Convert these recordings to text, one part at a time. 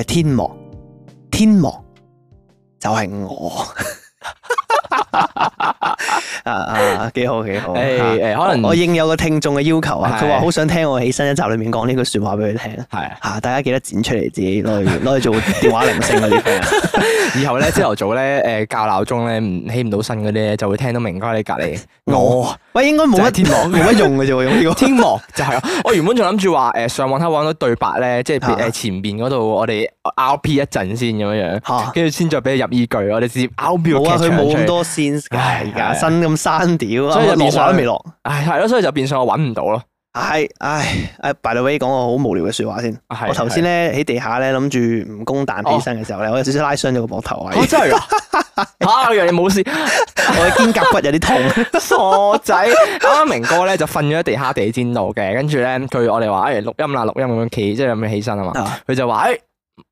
係天王，天王就係、是、我。 啊，幾好幾好，誒可能我應有個聽眾嘅要求啊，佢話好想聽我起身一集裏面講呢句說話俾佢聽，係吓大家記得剪出嚟自己攞嚟攞嚟做電話鈴聲啊啲，以後咧朝頭早咧誒教鬧鐘咧起唔到身嗰啲咧就會聽到明哥你隔籬，我喂應該冇乜天幕冇乜用嘅啫喎，呢個天幕就係啊，我原本仲諗住話誒上網睇揾到對白咧，即係誒前面嗰度我哋拗 P 一陣先咁樣樣，跟住先再俾佢入耳句，我哋直接拗 P。佢冇咁多線，係而家新咁刪。所以就落雨都未落，唉，係咯，所以就變相我搵唔到咯，唉，唉，by the way 講個好無聊嘅說話先，我頭先咧喺地下咧諗住唔供蛋起身嘅時候咧，我有少少拉傷咗個膊頭啊，真係啊，吓，我以為冇事，我嘅肩胛骨有啲痛，傻仔，啱啱明哥咧就瞓咗喺地下地氈度嘅，跟住咧佢我哋話誒錄音啦，錄音咁樣企，即係咁樣起身啊嘛，佢就話誒。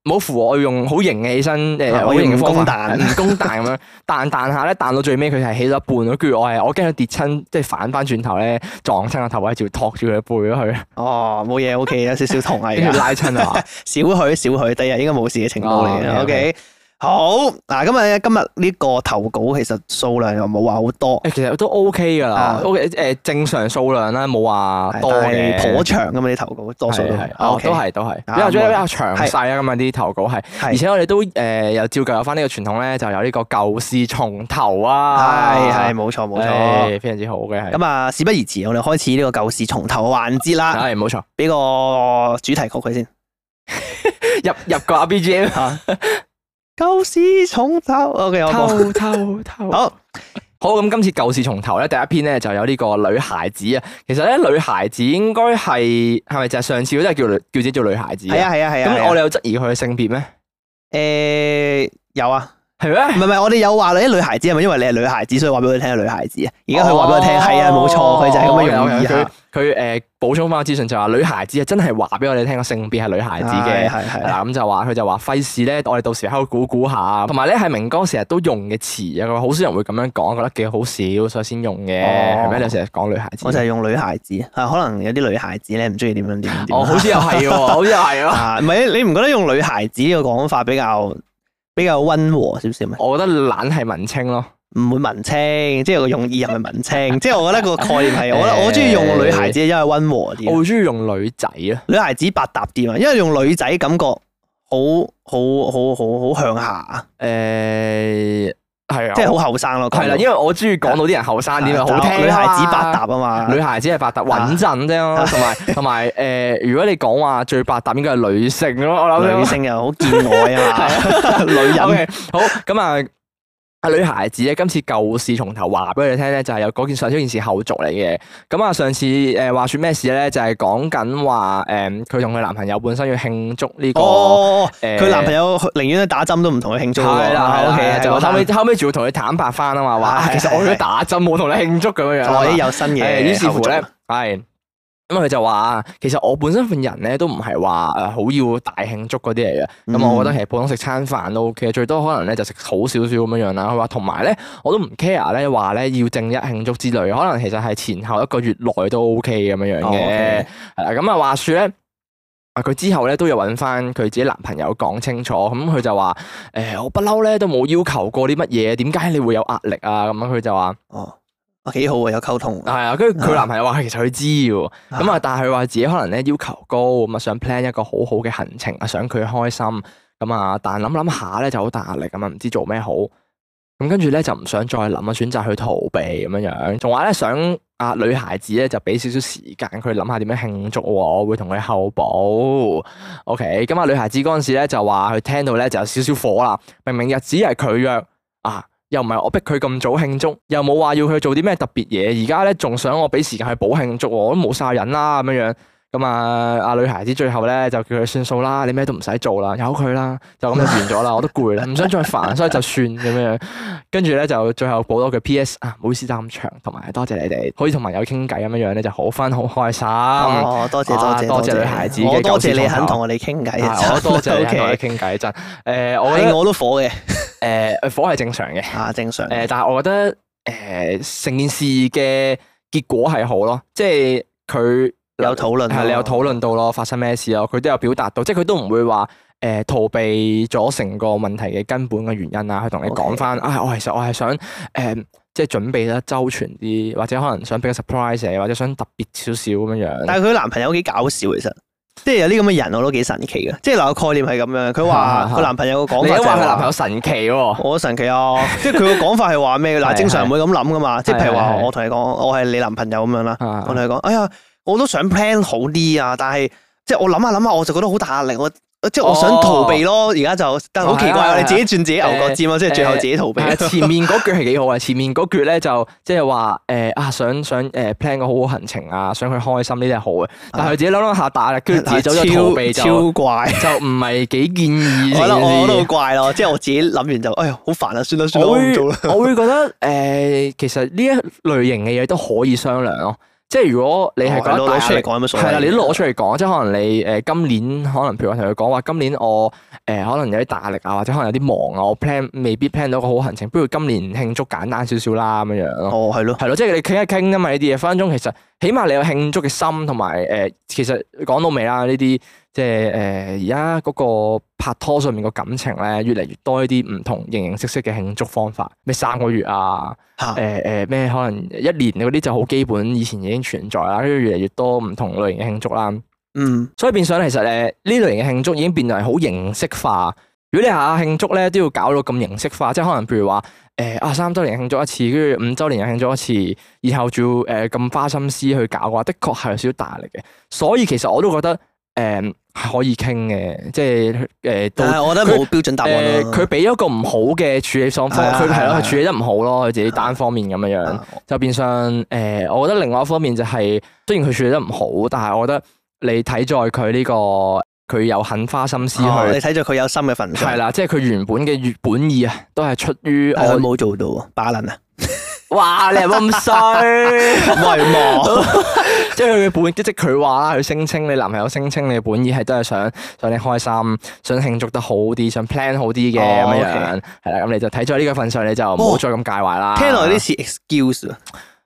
冇扶我，用好型嘅起身，誒，我型攻彈，唔攻彈咁樣彈彈下咧，彈到最尾佢係起咗一半咯。跟住我係，我驚佢跌親，即係反翻轉頭咧撞親個頭位，就托住佢背咗去。哦，冇嘢，OK，有少少痛啊，跟住 拉親啊嘛，小許小許，第日應該冇事嘅情況嚟嘅，OK。okay. okay. 好嗱，今日今日呢個投稿其實數量又冇話好多，誒，其實都 OK 噶啦，OK 誒，正常數量啦，冇話多嘅，頗長噶嘛啲投稿，多數都係，哦，都係都係，比較比較詳細啊，咁啊啲投稿係，而且我哋都誒又照舊有返呢個傳統咧，就有呢個舊事重投啊，係係冇錯冇錯，非常之好嘅係，咁啊事不宜遲，我哋開始呢個舊事重投嘅環節啦，係冇錯，俾個主題曲佢先，入入個 BGM 吓。舊事重投，我嘅有講。好，好咁今次舊事重投咧，第一篇咧就有呢個女孩子啊。其實咧，女孩子應該係係咪就係上次都真係叫女叫自己做女孩子？係啊，係啊，係啊。咁我哋有質疑佢嘅性別咩？誒、嗯，有啊。係咩？唔係唔係，我哋有話咧，啲女孩子係咪？是是因為你係女孩子，所以話俾佢哋聽係女孩子、哦、啊。而家佢話俾我聽，係啊，冇錯、哦，佢就係咁嘅用意。佢佢誒，補、呃、充翻個資訊就話，女孩子啊，真係話俾我哋聽，個性別係女孩子嘅。嗱咁就話，佢就話，費事咧，我哋到時喺度估估下。同埋咧，係明哥成日都用嘅詞啊，好少人會咁樣講，覺得幾好少，所以先用嘅，係咩、哦？你成日講女孩子，我就係用女孩子。可能有啲女孩子咧唔中意點樣點點，好似又係喎，好似又係啊。唔係你唔覺得用女孩子呢個講法比較？比較溫和少少咩？是是我覺得懶係文青咯，唔會文青，即係個用意又係文青， 即係我覺得個概念係，我覺得我中意用女孩子，因為溫和啲， 我會中意用女仔啊，女孩子百搭啲啊，因為用女仔感覺好好好好好向下，誒、欸。係啊，即係好後生咯。係啦了，因為我中意講到啲人後生啲啊，好聽、啊。女孩子百搭啊嘛，女孩子係百搭穩陣啫，同埋同埋誒，如果你講話最百搭應該係女性咯、啊，我諗女性又、啊、 好見外啊嘛， 女人。Okay, 好，咁啊。啊，女孩子咧，今次舊事重投話俾你聽咧，就係有嗰件上呢件事後續嚟嘅。咁啊，上次誒，話說咩事咧？就係講緊話誒，佢同佢男朋友本身要慶祝呢個。哦，佢男朋友寧願去打針都唔同佢慶祝。係啦，後尾後尾仲要同佢坦白翻啊嘛，話其實我去打針冇同你慶祝咁樣樣。我有新嘢，於是乎咧係。咁佢就話其實我本身份人咧都唔係話誒好要大慶祝嗰啲嚟嘅，咁、嗯、我覺得其實普通食餐飯都 O K，最多可能咧就食好少少咁樣樣啦。佢話同埋咧，我都唔 care 咧，話咧要正一慶祝之類，可能其實係前後一個月內都 O K 咁樣樣嘅。係啦、哦，咁、okay. 啊話說咧，啊佢之後咧都有搵翻佢自己男朋友講清楚，咁佢就話誒、呃，我不嬲咧都冇要求過啲乜嘢，點解你會有壓力啊？咁樣佢就話哦。幾好啊！有溝通係啊，跟住佢男朋友話其實佢知嘅。咁啊，但係佢話自己可能咧要求高，咁啊想 plan 一個好好嘅行程啊，想佢開心，咁啊，但諗諗下咧就好大壓力，咁啊唔知做咩好，咁跟住咧就唔想再諗啊，選擇去逃避咁樣樣，仲話咧想啊女孩子咧就俾少少時間佢諗下點樣慶祝我，我會同佢後補。OK，咁啊女孩子嗰陣時咧就話佢聽到咧就有少少火啦，明明日子係佢約啊。又唔係我逼佢咁早慶祝，又冇話要佢做啲咩特別嘢，而家咧仲想我俾時間去補慶祝喎，我都冇晒癮啦咁樣樣。咁啊！阿女孩子最後咧就叫佢算數啦，你咩都唔使做啦，由佢啦，就咁就完咗啦。我都攰啦，唔 想再煩，所以就算咁樣。 跟住咧就最後補多句 P.S. 啊，唔好意思，咁長，同埋多謝你哋可以同朋友傾偈咁樣樣咧，就好 fun 好開心。哦，多謝哇多謝多謝女孩子，我多謝你肯同 我哋傾偈，真多謝同我哋傾偈真。誒、呃，我覺得我都火嘅，誒、 呃，火係正常嘅，啊，正常。誒，但係我覺得誒，成、呃、件事嘅結果係好咯，即係佢。有討論係你有討論到咯，發生咩事咯？佢都有表達到，即係佢都唔會話誒、呃、逃避咗成個問題嘅根本嘅原因啊。佢同你講翻，Okay. 啊，我其實我係想誒、呃，即係準備得周全啲，或者可能想俾個 surprise，或者想特別少少咁樣樣。但係佢男朋友幾搞笑，其實即係有啲咁嘅人，我都幾神奇嘅。即係嗱個概念係咁樣，佢話佢男朋友嘅講法就佢男朋友神奇喎、哦， 我神奇啊！即係佢嘅講法係話咩？嗱， 對對 正常唔會咁諗噶嘛？即係譬如話我同你講，對對對我係你男朋友咁樣啦，對對對我同你講，哎呀～我都想 plan 好啲啊，但係即係我諗下諗下，我就覺得好大壓力，我即係我想逃避咯。而家就但好奇怪，我哋自己轉自己牛角尖啊，即係最後自己逃避。前面嗰句係幾好啊！前面嗰句咧就即係話誒啊，想想誒 plan 個好好行程啊，想佢開心呢啲係好嘅，但係自己諗諗下大啦，跟住自己走咗逃避就超怪，就唔係幾建議。係咯，我都好怪咯，即係我自己諗完就，哎呀，好煩啊，算啦算啦，唔做啦。我會覺得誒，其實呢一類型嘅嘢都可以商量咯。即係如果你係覺得大壓力，係啦、哦的，你攞出嚟講，即係可能你誒、呃、今年可能，譬如我同佢講話，今年我誒、呃、可能有啲壓力啊，或者可能有啲忙啊，我 plan 未必 plan 到個好行程，不如今年慶祝簡單少少啦咁樣樣咯。哦，係咯，係咯，即係你傾一傾啫嘛，呢啲嘢分分鐘其實起碼你有慶祝嘅心，同埋誒，其實講到尾啦呢啲。即係誒，而家嗰個拍拖上面個感情咧，越嚟越多一啲唔同形形色色嘅慶祝方法，咩三個月啊，誒誒咩可能一年嗰啲就好基本，以前已經存在啦。跟住越嚟越多唔同類型嘅慶祝啦。嗯，所以變相其實誒呢類型嘅慶祝已經變咗係好形式化。如果你下下慶祝咧都要搞到咁形式化，即係可能譬如話誒啊三周年慶祝一次，跟住五周年又慶祝一次，然後仲要誒咁、呃、花心思去搞嘅話，的確係有少少大力嘅。所以其實我都覺得。誒，um, 可以傾嘅，即係誒，但係我覺得冇標準答案。佢俾咗個唔好嘅處理方法，佢係咯，佢處理得唔好咯，佢自己單方面咁樣樣， 就變相誒、嗯，我覺得另外一方面就係、是，雖然佢處理得唔好，但係我覺得你睇在佢呢、這個，佢有肯花心思去，哦、他你睇在佢有心嘅份，係啦，即係佢原本嘅本意啊，都係出於我冇做到，balance， 哇，你咁衰，迷茫 有。 即係佢本意即係佢話啦，佢聲稱你男朋友聲稱你嘅本意係真係想想你開心，想慶祝得好啲，想 plan 好啲嘅咁樣，係啦、oh, okay，咁你就睇咗呢個份上，你就唔好再咁介懷啦、哦。聽落有啲似 excuse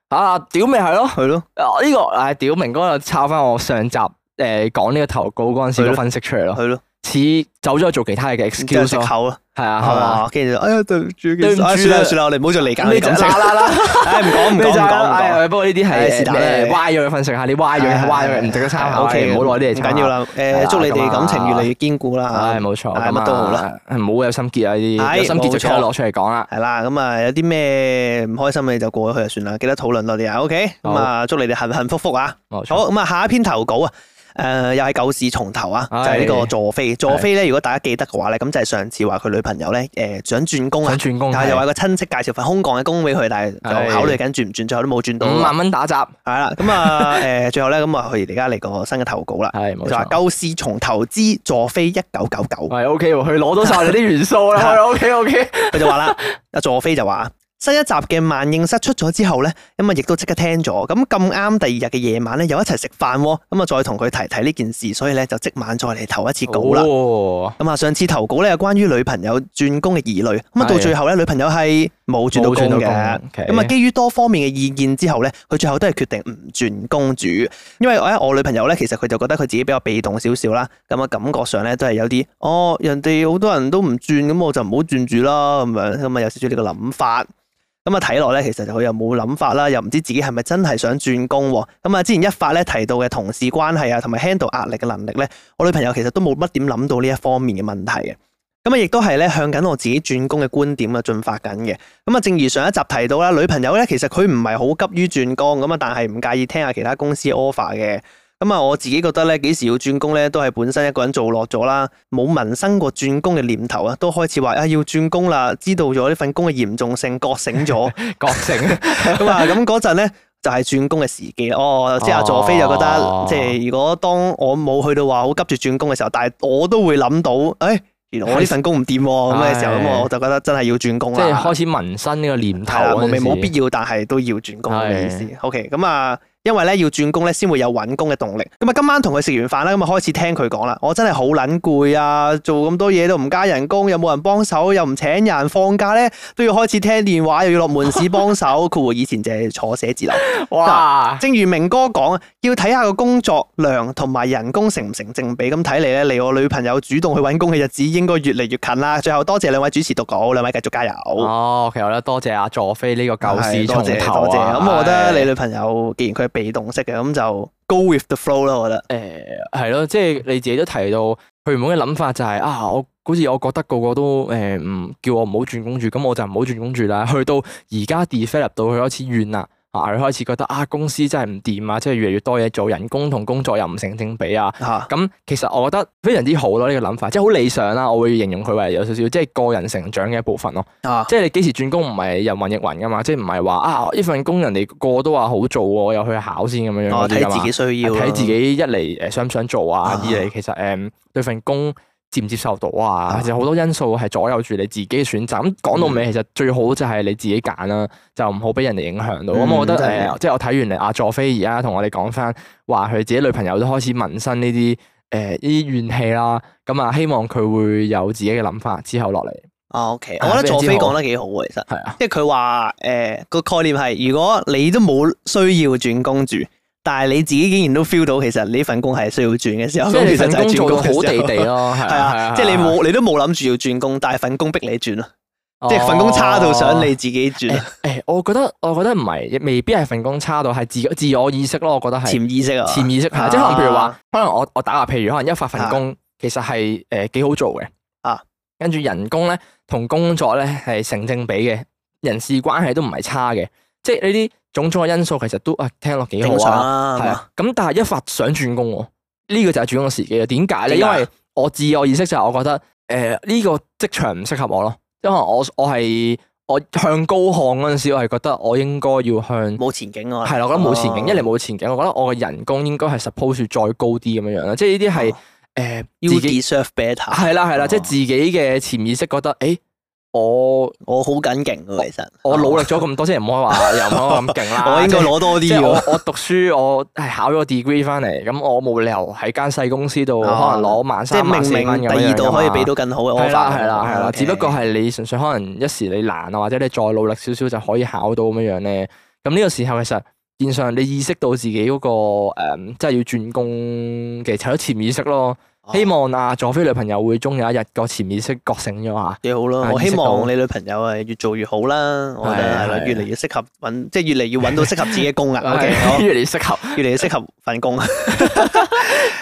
啊，屌咪係咯，係咯，呢、啊呢個誒咯、啊、屌明哥又抄返我上集誒、呃、講呢個投稿嗰陣時個分析出嚟咯，係咯。似走咗去做其他嘅，就食口咯，係啊，係嘛，跟住哎呀，對唔住，算啦，算啦，我哋唔好再離間你哋啦，啦啦啦，唔講唔講唔講，不過呢啲係事大啦，歪咗去瞓食下，你歪咗，歪唔值得餐，O K，唔好攞啲嚟炒，緊要啦，誒，祝你哋感情越嚟越堅固啦，係冇錯，好啊，唔好有心結啊，啲心結就攞出嚟講啦，係啦，咁啊，有啲咩唔開心嘅就過咗去就算啦，記得討論多啲啊，O K，咁啊，祝你哋幸幸福福啊，好，咁啊，下一篇投稿啊。誒、呃，又係舊事重投啊！就係、是、呢個佐菲，佐菲咧，如果大家記得嘅話咧，咁就係上次話佢女朋友咧，誒、呃、想轉工啊，但係又話個親戚介紹份空降嘅工俾佢，但係就考慮緊轉唔轉，最後都冇轉到五萬蚊打雜係啦。咁啊， 誒、呃，最後咧，咁啊，佢而家嚟個新嘅投稿啦，係冇錯，舊事重投之，佐菲一九九九，係 OK，佢攞到晒嗰啲元素啦，OK OK，佢就話啦，阿佐菲就話。新一集嘅萬應室出咗之後咧，咁啊亦都即刻聽咗，咁咁啱第二日嘅夜晚咧又一齊食飯，咁啊再同佢提提呢件事，所以咧就即晚再嚟投一次稿啦。咁啊、oh. 上次投稿咧有關於女朋友轉工嘅疑慮，咁啊到最後咧女朋友係冇轉到工嘅，咁啊、oh. 基於多方面嘅意見之後咧，佢最後都係決定唔轉工住，因為咧我女朋友咧其實佢就覺得佢自己比較被動少少啦，咁啊感覺上咧都係有啲哦人哋好多人都唔轉，咁我就唔好轉住啦，咁樣咁啊有少少呢個諗法。咁啊，睇落咧，其實佢又冇諗法啦，又唔知自己係咪真係想轉工。咁啊，之前一發咧提到嘅同事關係啊，同埋 handle 壓力嘅能力咧，我女朋友其實都冇乜點諗到呢一方面嘅問題嘅。咁啊，亦都係咧向緊我自己轉工嘅觀點啊進發緊嘅。咁啊，正如上一集提到啦，女朋友咧其實佢唔係好急於轉工咁啊，但係唔介意聽下其他公司 offer 嘅。咁啊，我自己覺得咧，幾時要轉工咧，都係本身一個人做落咗啦，冇萌生過轉工嘅念頭啊，都開始話啊要轉工啦，知道咗呢份工嘅嚴重性，覺醒咗 覺醒，咁 啊， 咁嗰陣咧就係轉工嘅時機哦。即係阿佐菲就覺得，哦、即係如果當我冇去到話好急住轉工嘅時候，但係我都會諗到，誒、哎，原來我呢份工唔掂咁嘅時候，咁我就覺得真係要轉工啦。即係開始萌生呢個念頭個，未冇必要，但係都要轉工嘅意思。的 OK，咁啊。因為咧要轉工咧，先會有揾工嘅動力。咁啊，今晚同佢食完飯啦，咁啊開始聽佢講啦。我真係好撚攰啊！做咁多嘢，都唔加人工，又冇人幫手又唔請人放假咧，都要開始聽電話，又要落門市幫手。佢話以前淨係坐寫字樓。 哇！正如明哥講啊，要睇下個工作量同埋人工成唔成正比。咁睇嚟咧，離我女朋友主動去揾工嘅日子應該越嚟越近啦。最後多謝兩位主持讀稿，兩位繼續加油。哦，其實咧多謝阿佐菲呢個舊事重提啊。多謝，多謝。咁是我覺得你女朋友，既然佢。被動式嘅咁就 go with the flow 咯。我覺得，誒係咯，即、就、係、是、你自己都提到，佢原本嘅諗法就係啊，我，我好似我覺得個個都誒，唔、uh, 叫我唔好轉工住，咁我就唔好轉工住啦。去到而家 develop 到佢開始怨啦。啊！開始覺得啊，公司真係唔掂啊，即係越嚟越多嘢做，人工同工作又唔成正比啊。咁、啊、其實我覺得非常之好咯、啊，呢、這個諗法即係好理想啦、啊。我會形容佢為有少少即係個人成長嘅一部分咯、啊。啊、即係你幾時轉工唔係人云亦云噶嘛？即係唔係話啊呢份工人哋個個都話好做、啊，我又去考先咁樣樣嗰啲噶嘛？睇自己需要、啊，睇、啊、自己一嚟誒想唔想做啊，二嚟、啊、其實誒對、嗯、份工。接唔接受到啊？其實好多因素係左右住你自己嘅選擇。咁講、嗯、到尾，其實最好就係你自己揀啦，就唔好俾人哋影響到。咁我覺得誒，即、啊、係我睇完阿佐菲而家同我哋講翻，話佢自己女朋友都開始萌生呢啲誒，啲、呃、怨氣啦。咁啊，希望佢會有自己嘅諗法之後落嚟。啊，OK，我覺得佐菲講得幾好。其實係啊，即係佢話誒個概念係，如果你都冇需要轉工住。但係你自己竟然都 feel 到，其實呢份工係需要轉嘅時候，即係份工做好地地咯，係啊，即係你冇，你都冇諗住要轉工，但係份工逼你轉咯，即係份工差到想你自己轉。誒，我覺得，我覺得唔係，亦未必係份工差到，係自自我意識咯。我覺得係潛意識啊，潛意識吓，即係可能譬如話，可能我我打個譬如，可能一發份工，其實係誒幾好做嘅啊，跟住人工咧同工作咧係成正比嘅，人事關係都唔係差嘅，即係呢啲。種種嘅因素其實都啊，聽落幾好啊，係啊。咁但係一發想轉工，呢、這個就係轉工嘅時機啊。點解咧？因為我自我意識就係我覺得，誒、呃、呢、這個職場唔適合我咯。因為我我係我向高行嗰陣時，我係覺得我應該要向冇前景啊，係啦，我覺得冇前景，一嚟，冇前景，我覺得我嘅人工應該係 suppose 再高啲咁樣樣啦。即係呢啲係誒，自己 deserve better，係啦係啦，即係自己嘅潛意識覺得誒。欸我我好緊勁噶，其實我努力咗咁多， 即係唔好話又唔可以咁勁啦。我應該攞多啲。我我讀書， 我係考咗 degree 翻嚟。咁我冇理由喺間細公司度可能攞萬三萬四蚊咁樣。即明，明第二度可以俾到更好嘅 offer，係啦係啦。只不過係你純粹可能一時你難啊，或者你再努力少少就可以考到咁樣樣咧。咁呢個時候其實，變上你意識到自己嗰、那個誒，即、嗯、係要轉工嘅，差咗潛意識咯。希望啊，佐菲女朋友會終有一日個潛意識覺醒咗吓，幾好咯！我希望你女朋友係越做越好啦，我覺得係啦，越嚟越適合搵，即係越嚟越搵到適合自己嘅工啊！O K，好，越嚟越適合，越嚟越適合份工啊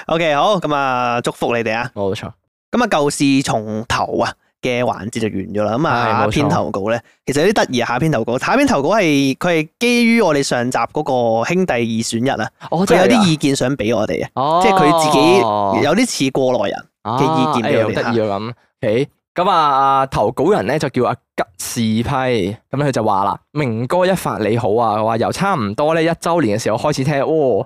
！O K，好，咁啊，祝福你哋啊，冇錯。咁啊，舊事重投啊！嘅環節就完咗啦，咁啊，下篇投稿咧，其實有啲得意啊，下篇投稿，下篇投稿係佢係基於我哋上集嗰個兄弟二選一啊，佢、哦、有啲意見想俾我哋啊，哦、即係佢自己有啲似過來人嘅意見俾我哋吓。咁、哦，咁、哎、啊，投稿人咧就叫阿吉士批，咁佢就話啦，明哥一發你好啊，話由差唔多咧一周年嘅時候開始聽。哦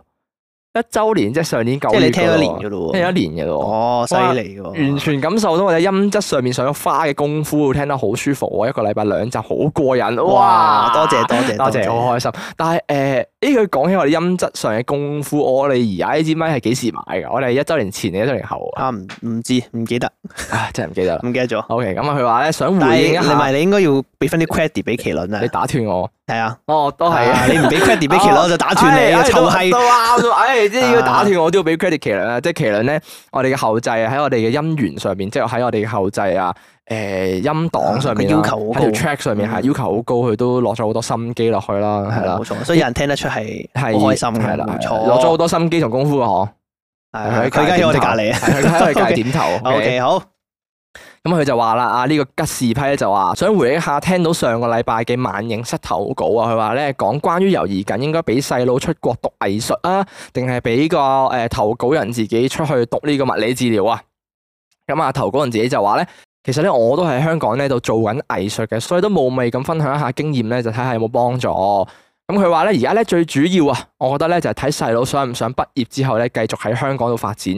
一周年，即係上年舊年，即係你聽咗一年嘅咯，聽咗一年嘅咯，聽咗一年哦，犀利嘅，完全感受到我哋音質上面上咗花嘅功夫，聽得好舒服，一個禮拜兩集，好過癮，哇，多謝多謝多謝，好開心，但係誒。呃誒，佢講起我哋音質上嘅功夫，我哋而家呢支咪係幾時買噶？我哋一周年前定一周年後啊？唔唔知唔記得， 真係唔記得，唔記得咗。OK，咁啊佢話咧想回應，唔係你，你應該要俾翻啲 credit 俾麒麟啊？你打斷我，係啊，哦都係啊，你唔俾 credit 俾麒麟，我就打斷你。臭閪，都啱咯，唉、哎，即係要打斷我都要俾 credit 麒麟啊！即係 麒麟咧，我哋嘅後製喺我哋嘅音源上邊，即係喺我哋嘅後製啊。誒，音檔上面、啊、要求喺條 track 上面係、嗯、要求好高，佢都落咗好多心機落去啦，係啦、嗯的，冇錯，所以有人聽得出係係開心係啦，落咗好多心機同功夫嘅嗬，係佢而家我哋隔籬，佢喺度點頭，ok 好。咁佢就話啦，啊、這、呢個吉士批咧就話想回憶下，聽到上個禮拜嘅萬應室投稿啊，佢話咧講關於猶疑緊應該俾細佬出國讀藝術啊，定係俾個誒投稿人自己出去讀呢個物理治療啊？咁、嗯、啊，投稿人自己就話咧。其實咧，我都喺香港呢度做緊藝術嘅，所以都冒昧咁分享一下經驗咧，就睇下有冇幫助。咁佢話咧，而家咧最主要啊，我覺得咧就係睇細佬想唔想畢業之後咧繼續喺香港度發展，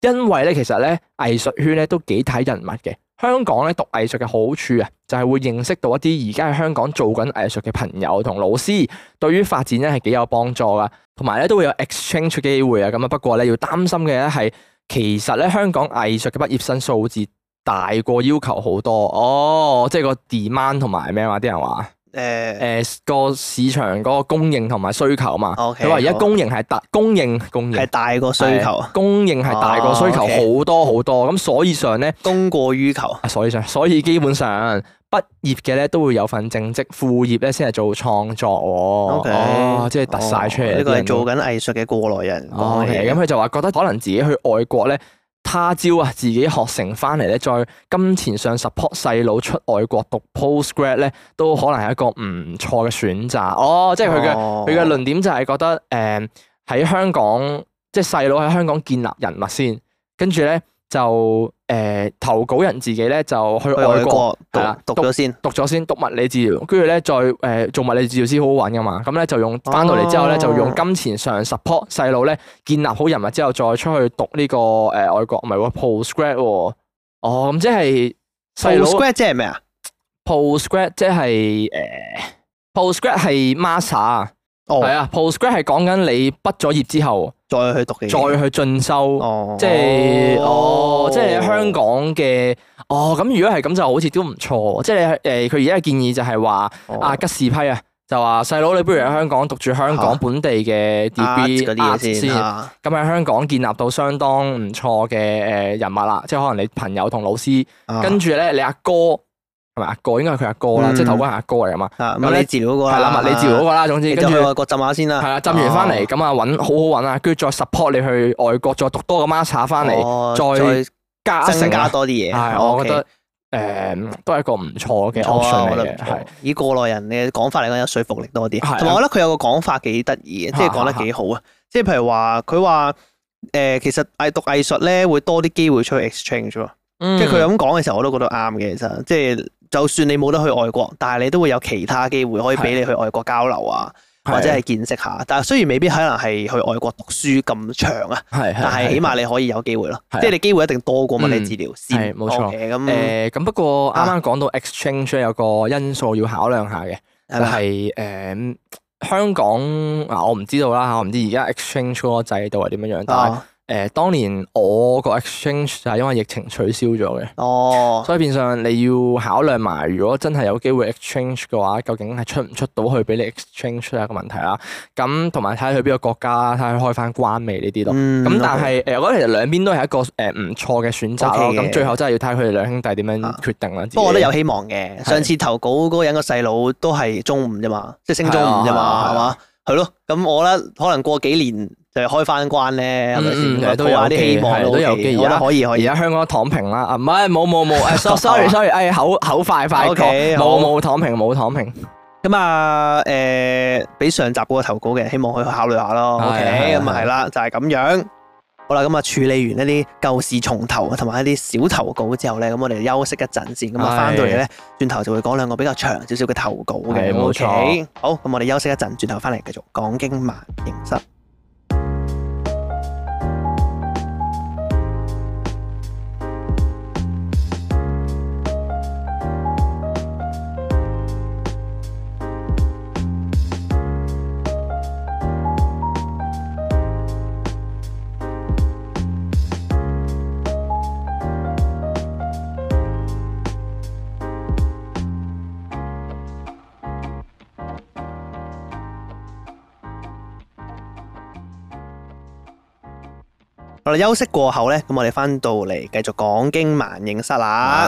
因為咧其實咧藝術圈咧都幾睇人物嘅。香港咧讀藝術嘅好處啊，就係會認識到一啲而家喺香港做緊藝術嘅朋友同老師，對於發展咧係幾有幫助噶，同埋咧都會有 exchange 機會啊。咁啊，不過咧要擔心嘅係，其實咧香港藝術嘅畢業生數字。大過要求好多哦，即係個 demand 同埋咩話？啲人話誒誒個市場嗰個供應同埋需求嘛。佢話而家供應係大供應，供應係大過需求，供應係大過需求好多好多。咁所以上咧供過於求啊。所以上所以基本上畢業嘅咧都會有份正職，副業咧先係做創作。哦，即係突晒出嚟。呢個係做緊藝術嘅過來人。咁佢就話覺得可能自己去外國咧。他朝啊，自己學成翻嚟咧，再金錢上 support 細佬出外國讀 post grad 咧，都可能係一個唔錯嘅選擇。哦、oh，即係佢嘅佢嘅論點就係覺得，誒、呃、喺香港，即係細佬喺香港建立人脈先，跟住咧。就誒、呃、投稿人自己咧就去外國係啦的讀咗先讀咗先讀物理治療，跟住咧再誒、呃、做物理治療師好好玩噶嘛。咁咧就用翻到嚟之後咧、啊、就用金錢上 support 細路咧建立好人脈之後再出去讀呢、這個誒、呃、外國，唔係喎 postgrad 喎。哦，咁即係 postgrad 弟即係咩啊 postgrad 即係誒 postgrad 係 master 係啊 Postgraduate 係講緊你畢咗業之後再去讀嘅，再去進修。哦、oh，即係哦，即係喺香港嘅。哦，咁如果係咁就好似都唔錯。即係誒，佢而家嘅建議就係話啊吉士批啊，就話細佬你不如喺香港讀住香港本地嘅 DBA，oh，先，先，咁喺、啊、香港建立到相當唔錯嘅誒人脈啦。即係可能你朋友同老師，跟住咧你阿哥，哥。係咪阿哥？應該係佢阿哥啦，即係頭盔係阿哥嚟嘛。咁你治療嗰個啦，係啦，你治療嗰個啦。總之，跟住去外國浸下先啦。係啊，浸完翻嚟，咁啊，搵好好搵啊。跟住再 support 你去外國，再讀多個 master 翻嚟，再加增加多啲嘢。係，我覺得誒都係一個唔錯嘅 option 係以國內人嘅講法嚟講，有說服力多啲。同埋，我覺得佢有個講法幾得意，即係講得幾好啊。即係譬如話，佢話誒，其實藝讀藝術咧會多啲機會出去 exchange。即係佢咁講嘅時候，我都覺得啱嘅。其實即係。就算你冇得去外國，但係你都會有其他機會可以俾你去外國交流啊，的或者係見識下。但係雖然未必可能係去外國讀書咁長啊，的但係起碼你可以有機會咯。的即係你機會一定多過乜嘢治料、嗯、先。冇錯。咁誒、okay, 那，咁、呃、不過啱啱講到 exchange 有個因素要考量下嘅，的就係、是呃、香港但是 啊，我唔知道啦嚇，我唔知而家 exchange 個制度係點樣樣，但係。誒，當年我個 exchange 就係因為疫情取消咗嘅。哦、所以變相你要考量埋，如果真係有機會 exchange 嘅話，究竟係出唔出到去俾你 exchange 出一個問題啦。咁同埋睇下佢邊個國家，睇下開翻關未呢啲咯。咁但係誒，我覺得其實兩邊都係一個誒唔錯嘅選擇，咁 Okay，最後真係要睇下佢哋兩兄弟點樣決定啦。不過、啊、我都有希望嘅，是上次投稿嗰個人個細佬都係中五啫嘛，即係升中五啫嘛，係嘛？係咯，咁我咧可能過幾年。就開翻關咧，係咪先？都有啲希望有我而家可以，可以而家香港躺平啦。唔係，冇冇冇，sorry sorry sorry 口口快快 OK 冇冇躺平，冇躺平。咁啊，誒，俾上集嗰個投稿嘅，希望可以考慮下咯。咁啊，係啦，就係咁樣。好啦，咁啊，處理完一啲舊事重頭同埋一啲小投稿之後咧，咁我哋休息一陣先。咁啊，翻到嚟咧，轉頭就會講兩個比較長少少嘅投稿嘅，冇好，咁我哋休息一陣，轉頭翻嚟繼續講經萬應室。我哋休息過後呢，咁我哋翻到嚟繼續講經萬應室啦。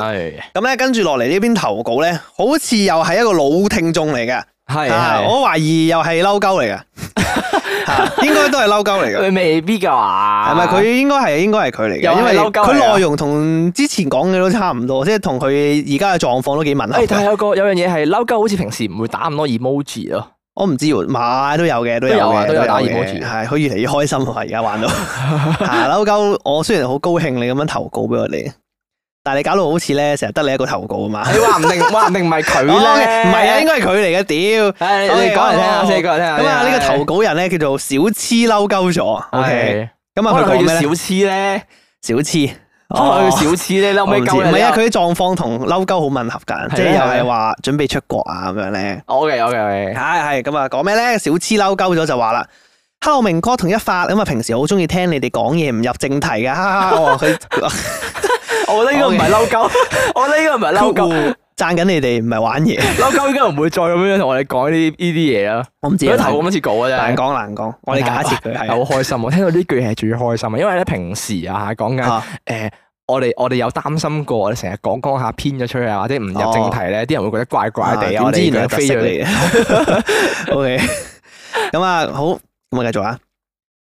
咁咧是跟住落嚟呢邊投稿呢，好似又係一個老聽眾嚟嘅。係是、啊，我懷疑又係嬲鳩嚟嘅，應該都係嬲鳩嚟嘅。佢未必噶嘛？係咪佢應該係，應該係佢嚟嘅？因為佢內容同之前講嘅都差唔多，即係同佢而家嘅狀況都幾吻合。但係、哎、有個有樣嘢係嬲鳩，好似平時唔會打咁多 emoji 啊。我唔知喎，買都有嘅，都有啊。都有，有打完波住，係佢越嚟越開心啊！而家玩到，嬲鳩！我雖然好高興你咁樣投稿俾我哋，但係你搞到好似咧，成日得你一個投稿啊嘛！你話唔定話唔定唔係佢咧，唔係啊，應該係佢嚟嘅，屌！我哋講嚟聽下先，講嚟聽下。咁啊，呢個投稿人咧叫做小痴嬲鳩咗，OK。咁啊，佢叫小痴咧，小痴。哦，小痴咧，嬲咩鳩？唔係啊，佢啲呢狀況同嬲鳩好吻合噶，即係又係話準備出國啊咁的樣咧。好嘅、okay, okay , okay.，好嘅，係。係咁啊，講咩咧？小痴嬲鳩咗就話啦，Hello 明哥同一發，咁啊平時好中意聽你哋講嘢，唔入正題噶， 哦、他 我話佢，我覺得呢個唔係嬲鳩，我覺得呢個唔係嬲鳩。讚緊你哋唔係玩嘢，嬲鳩唔會再咁樣同我哋講呢啲呢啲嘢啦。我唔知啊，頭咁似稿嘅。啊，難講難講，我哋假設佢係好開心，我聽到呢句係最開心啊，因為咧平時啊，講緊誒，我哋我哋有擔心過，我哋成日講講下偏咗出去，啊，或者唔入正題咧，啲人、哦、會覺得怪怪地啊。我哋唔係飛咗你，你。O K，咁啊好，咁我繼續啊。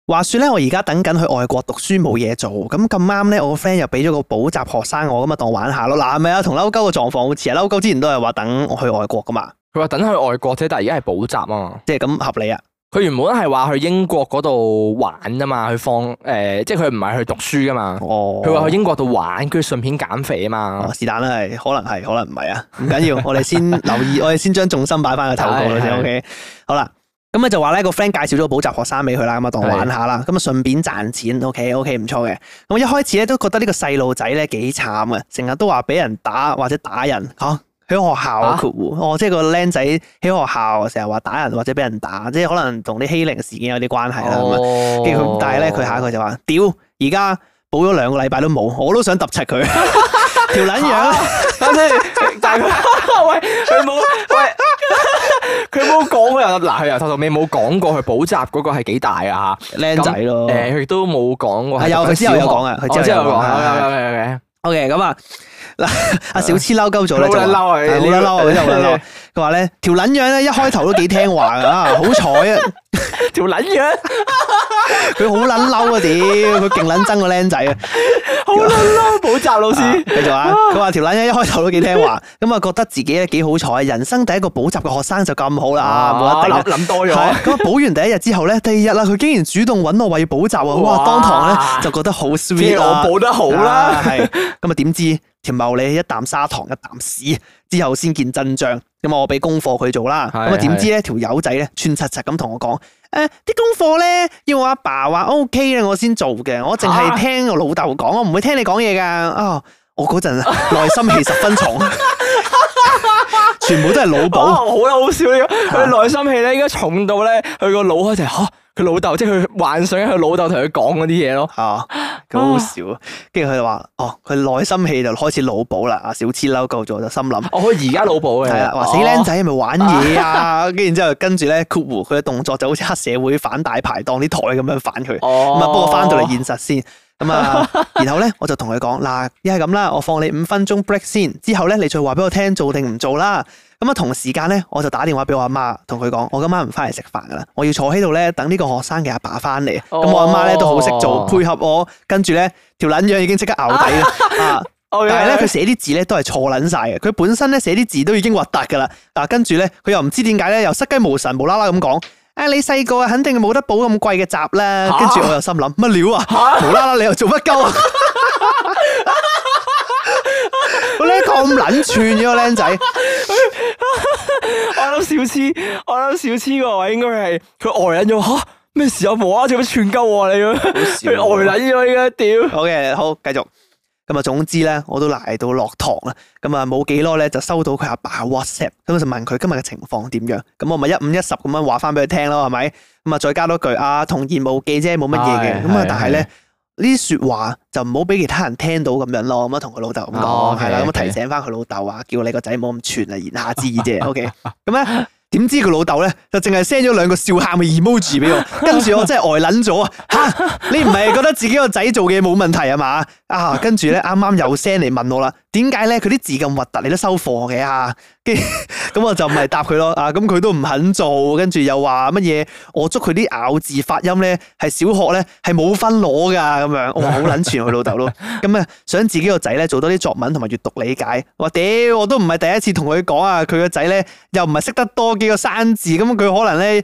話說咧，我而家等緊去外國讀書冇嘢做，咁咁啱咧，我個 friend 又俾咗個補習學生我，咁啊當玩下咯。嗱，係咪啊？同嬲鳩嘅狀況好似啊！嬲鳩之前都係話等，等去外國噶嘛，佢話等去外國啫，但係而家係補習啊，即係咁合理啊。佢原本係話去英國嗰度玩啊嘛，去放誒、呃，即係佢唔係去讀書噶嘛。哦，佢話去英國度玩，跟住順便減肥啊嘛。是但、哦、啦，係可能係，可能唔係啊。唔緊要， 我哋先留意，我哋先將重心擺翻個頭度先。OK， 好啦。好咁啊就話咧個 friend 介紹咗個補習學生俾佢啦，咁啊當玩下啦，咁啊順便賺錢，OK OK 唔錯嘅。咁啊一開始咧都覺得呢個細路仔咧幾慘啊，成日都話俾人打或者打人，吓、啊、喺學校括弧、啊、哦，即係個僆仔喺學校成日話打人或者俾人打，即係可能同啲欺凌事件有啲關係啦。佢唔係咧佢下一、哦、個就話，屌而家補咗兩個禮拜都冇，我都想揼柒佢。 條撚樣啦，等先，但係佢，喂，佢冇，喂，佢冇講過又，嗱，佢由頭到尾冇講過佢補習嗰個係幾大啊，吓，靚仔咯，誒，佢亦都冇講過，係有，佢之後有講啊，佢之後有講，有嘅，有嘅，OK，咁啊，嗱，阿小痴嬲鳩咗啦，好啦，嬲啊，好啦，嬲啊，我真係嬲。佢話咧條撚樣咧，一開頭都幾聽話噶，啊好彩啊條撚樣，佢好撚嬲啊屌，佢勁撚憎個僆仔啊，好撚嬲補習老師。繼續啊，佢話條撚樣一開頭都幾聽話，咁啊覺得自己咧幾好彩，人生第一個補習嘅學生就咁好啦，冇得諗多咗。咁啊補完第一日之後咧，第二日啦，佢竟然主動揾我為補習啊，哇當堂咧就覺得好 sweet 啊，即係我補得好啦，係咁啊點知條茂利一啖砂糖一啖屎之後先見真章。咁我俾功課佢做啦是的。咁、呃、啊，點知咧條友仔咧，串柒柒咁同我講，誒，啲功課咧要我阿爸話 O K 咧，我先做嘅。我淨係聽我老豆講，我唔會聽你講嘢噶。啊、哦！我嗰陣內心戲十分重， 全部都係腦補。好啦，好笑啲，佢、這、內、個、心戲咧應該重到咧，佢個腦咧就佢老豆，即係佢幻想佢老豆同佢講嗰啲嘢咯。係咁、啊、好笑。跟住佢就話哦，佢內心戲就開始腦補啦。啊，小痴嬲鳩咗，就心諗。哦，而家腦補嘅係啦，話死僆仔係咪玩嘢啊？跟住之後跟住咧，括弧佢嘅動作就好似黑社會反大排檔啲台咁樣反佢。哦，咁啊，不過翻到嚟現實先。.咁啊， 然後咧我就同佢講嗱，一係咁啦，我放你五分鐘 break 先，之後咧你再話俾我聽做定唔做啦。咁啊同時間咧，我就打電話俾我阿媽，媽，同佢講我今晚唔翻嚟食飯噶啦，我要坐喺度咧等呢個學生嘅阿爸翻嚟。咁、哦、我阿媽咧都好識做，配合我，跟住咧條撚樣已經即刻拗底啊！哦、但係咧佢寫啲字咧都係錯撚晒嘅，佢本身咧寫啲字都已經核突噶啦。嗱，跟住咧佢又唔知點解咧又失驚無神，無啦啦咁講。誒、啊，你細個啊，肯定冇得補咁貴嘅習啦。跟住我又心諗乜料啊？無啦啦，你又做乜鳩？你咁捻串嘅個僆仔，我諗小痴，我諗小痴個位應該係佢呆捻咗。吓咩事啊？啊無啦啦做乜串鳩我你咁樣？佢呆捻咗依家，屌！好嘅，好繼續。咁啊，總之咧，我都賴到落堂啦。咁啊，冇幾耐咧，就收到佢阿爸嘅 WhatsApp，咁就問佢今日嘅情況點樣。咁我咪一五一十咁樣話翻俾佢聽咯，係咪？咁啊，再加多句啊，同言無忌啫，冇乜嘢嘅。咁啊、哎，但係咧呢啲的說話就唔好俾其他人聽到咁樣咯。咁啊，同佢老豆咁講係啦。咁、okay, 啊，提醒翻佢老豆啊，叫你個仔冇咁串啊，言下之意啫。O K，咁咧。嗯 點知佢老豆咧，就淨係 send 咗兩個笑喊嘅 emoji 俾我，跟住我真係呆捻咗 啊！吓，你唔係覺得自己個仔做嘅冇問題啊嘛？啊，跟住咧啱啱又 send 嚟問我啦，點解咧佢啲字咁核突，你都收貨嘅啊？跟咁、 嗯、我就唔係答佢咯，啊，咁、嗯、佢都唔肯做，跟住又話乜嘢？我捉佢啲咬字發音咧，係小學咧係冇分攞噶，咁樣我好捻串佢老豆咯。咁啊、 嗯，想自己個仔咧做多啲作文同埋閱讀理解，話屌我都唔係第一次同佢講啊，佢個仔咧又唔係識得多呢個生字咁，佢可能咧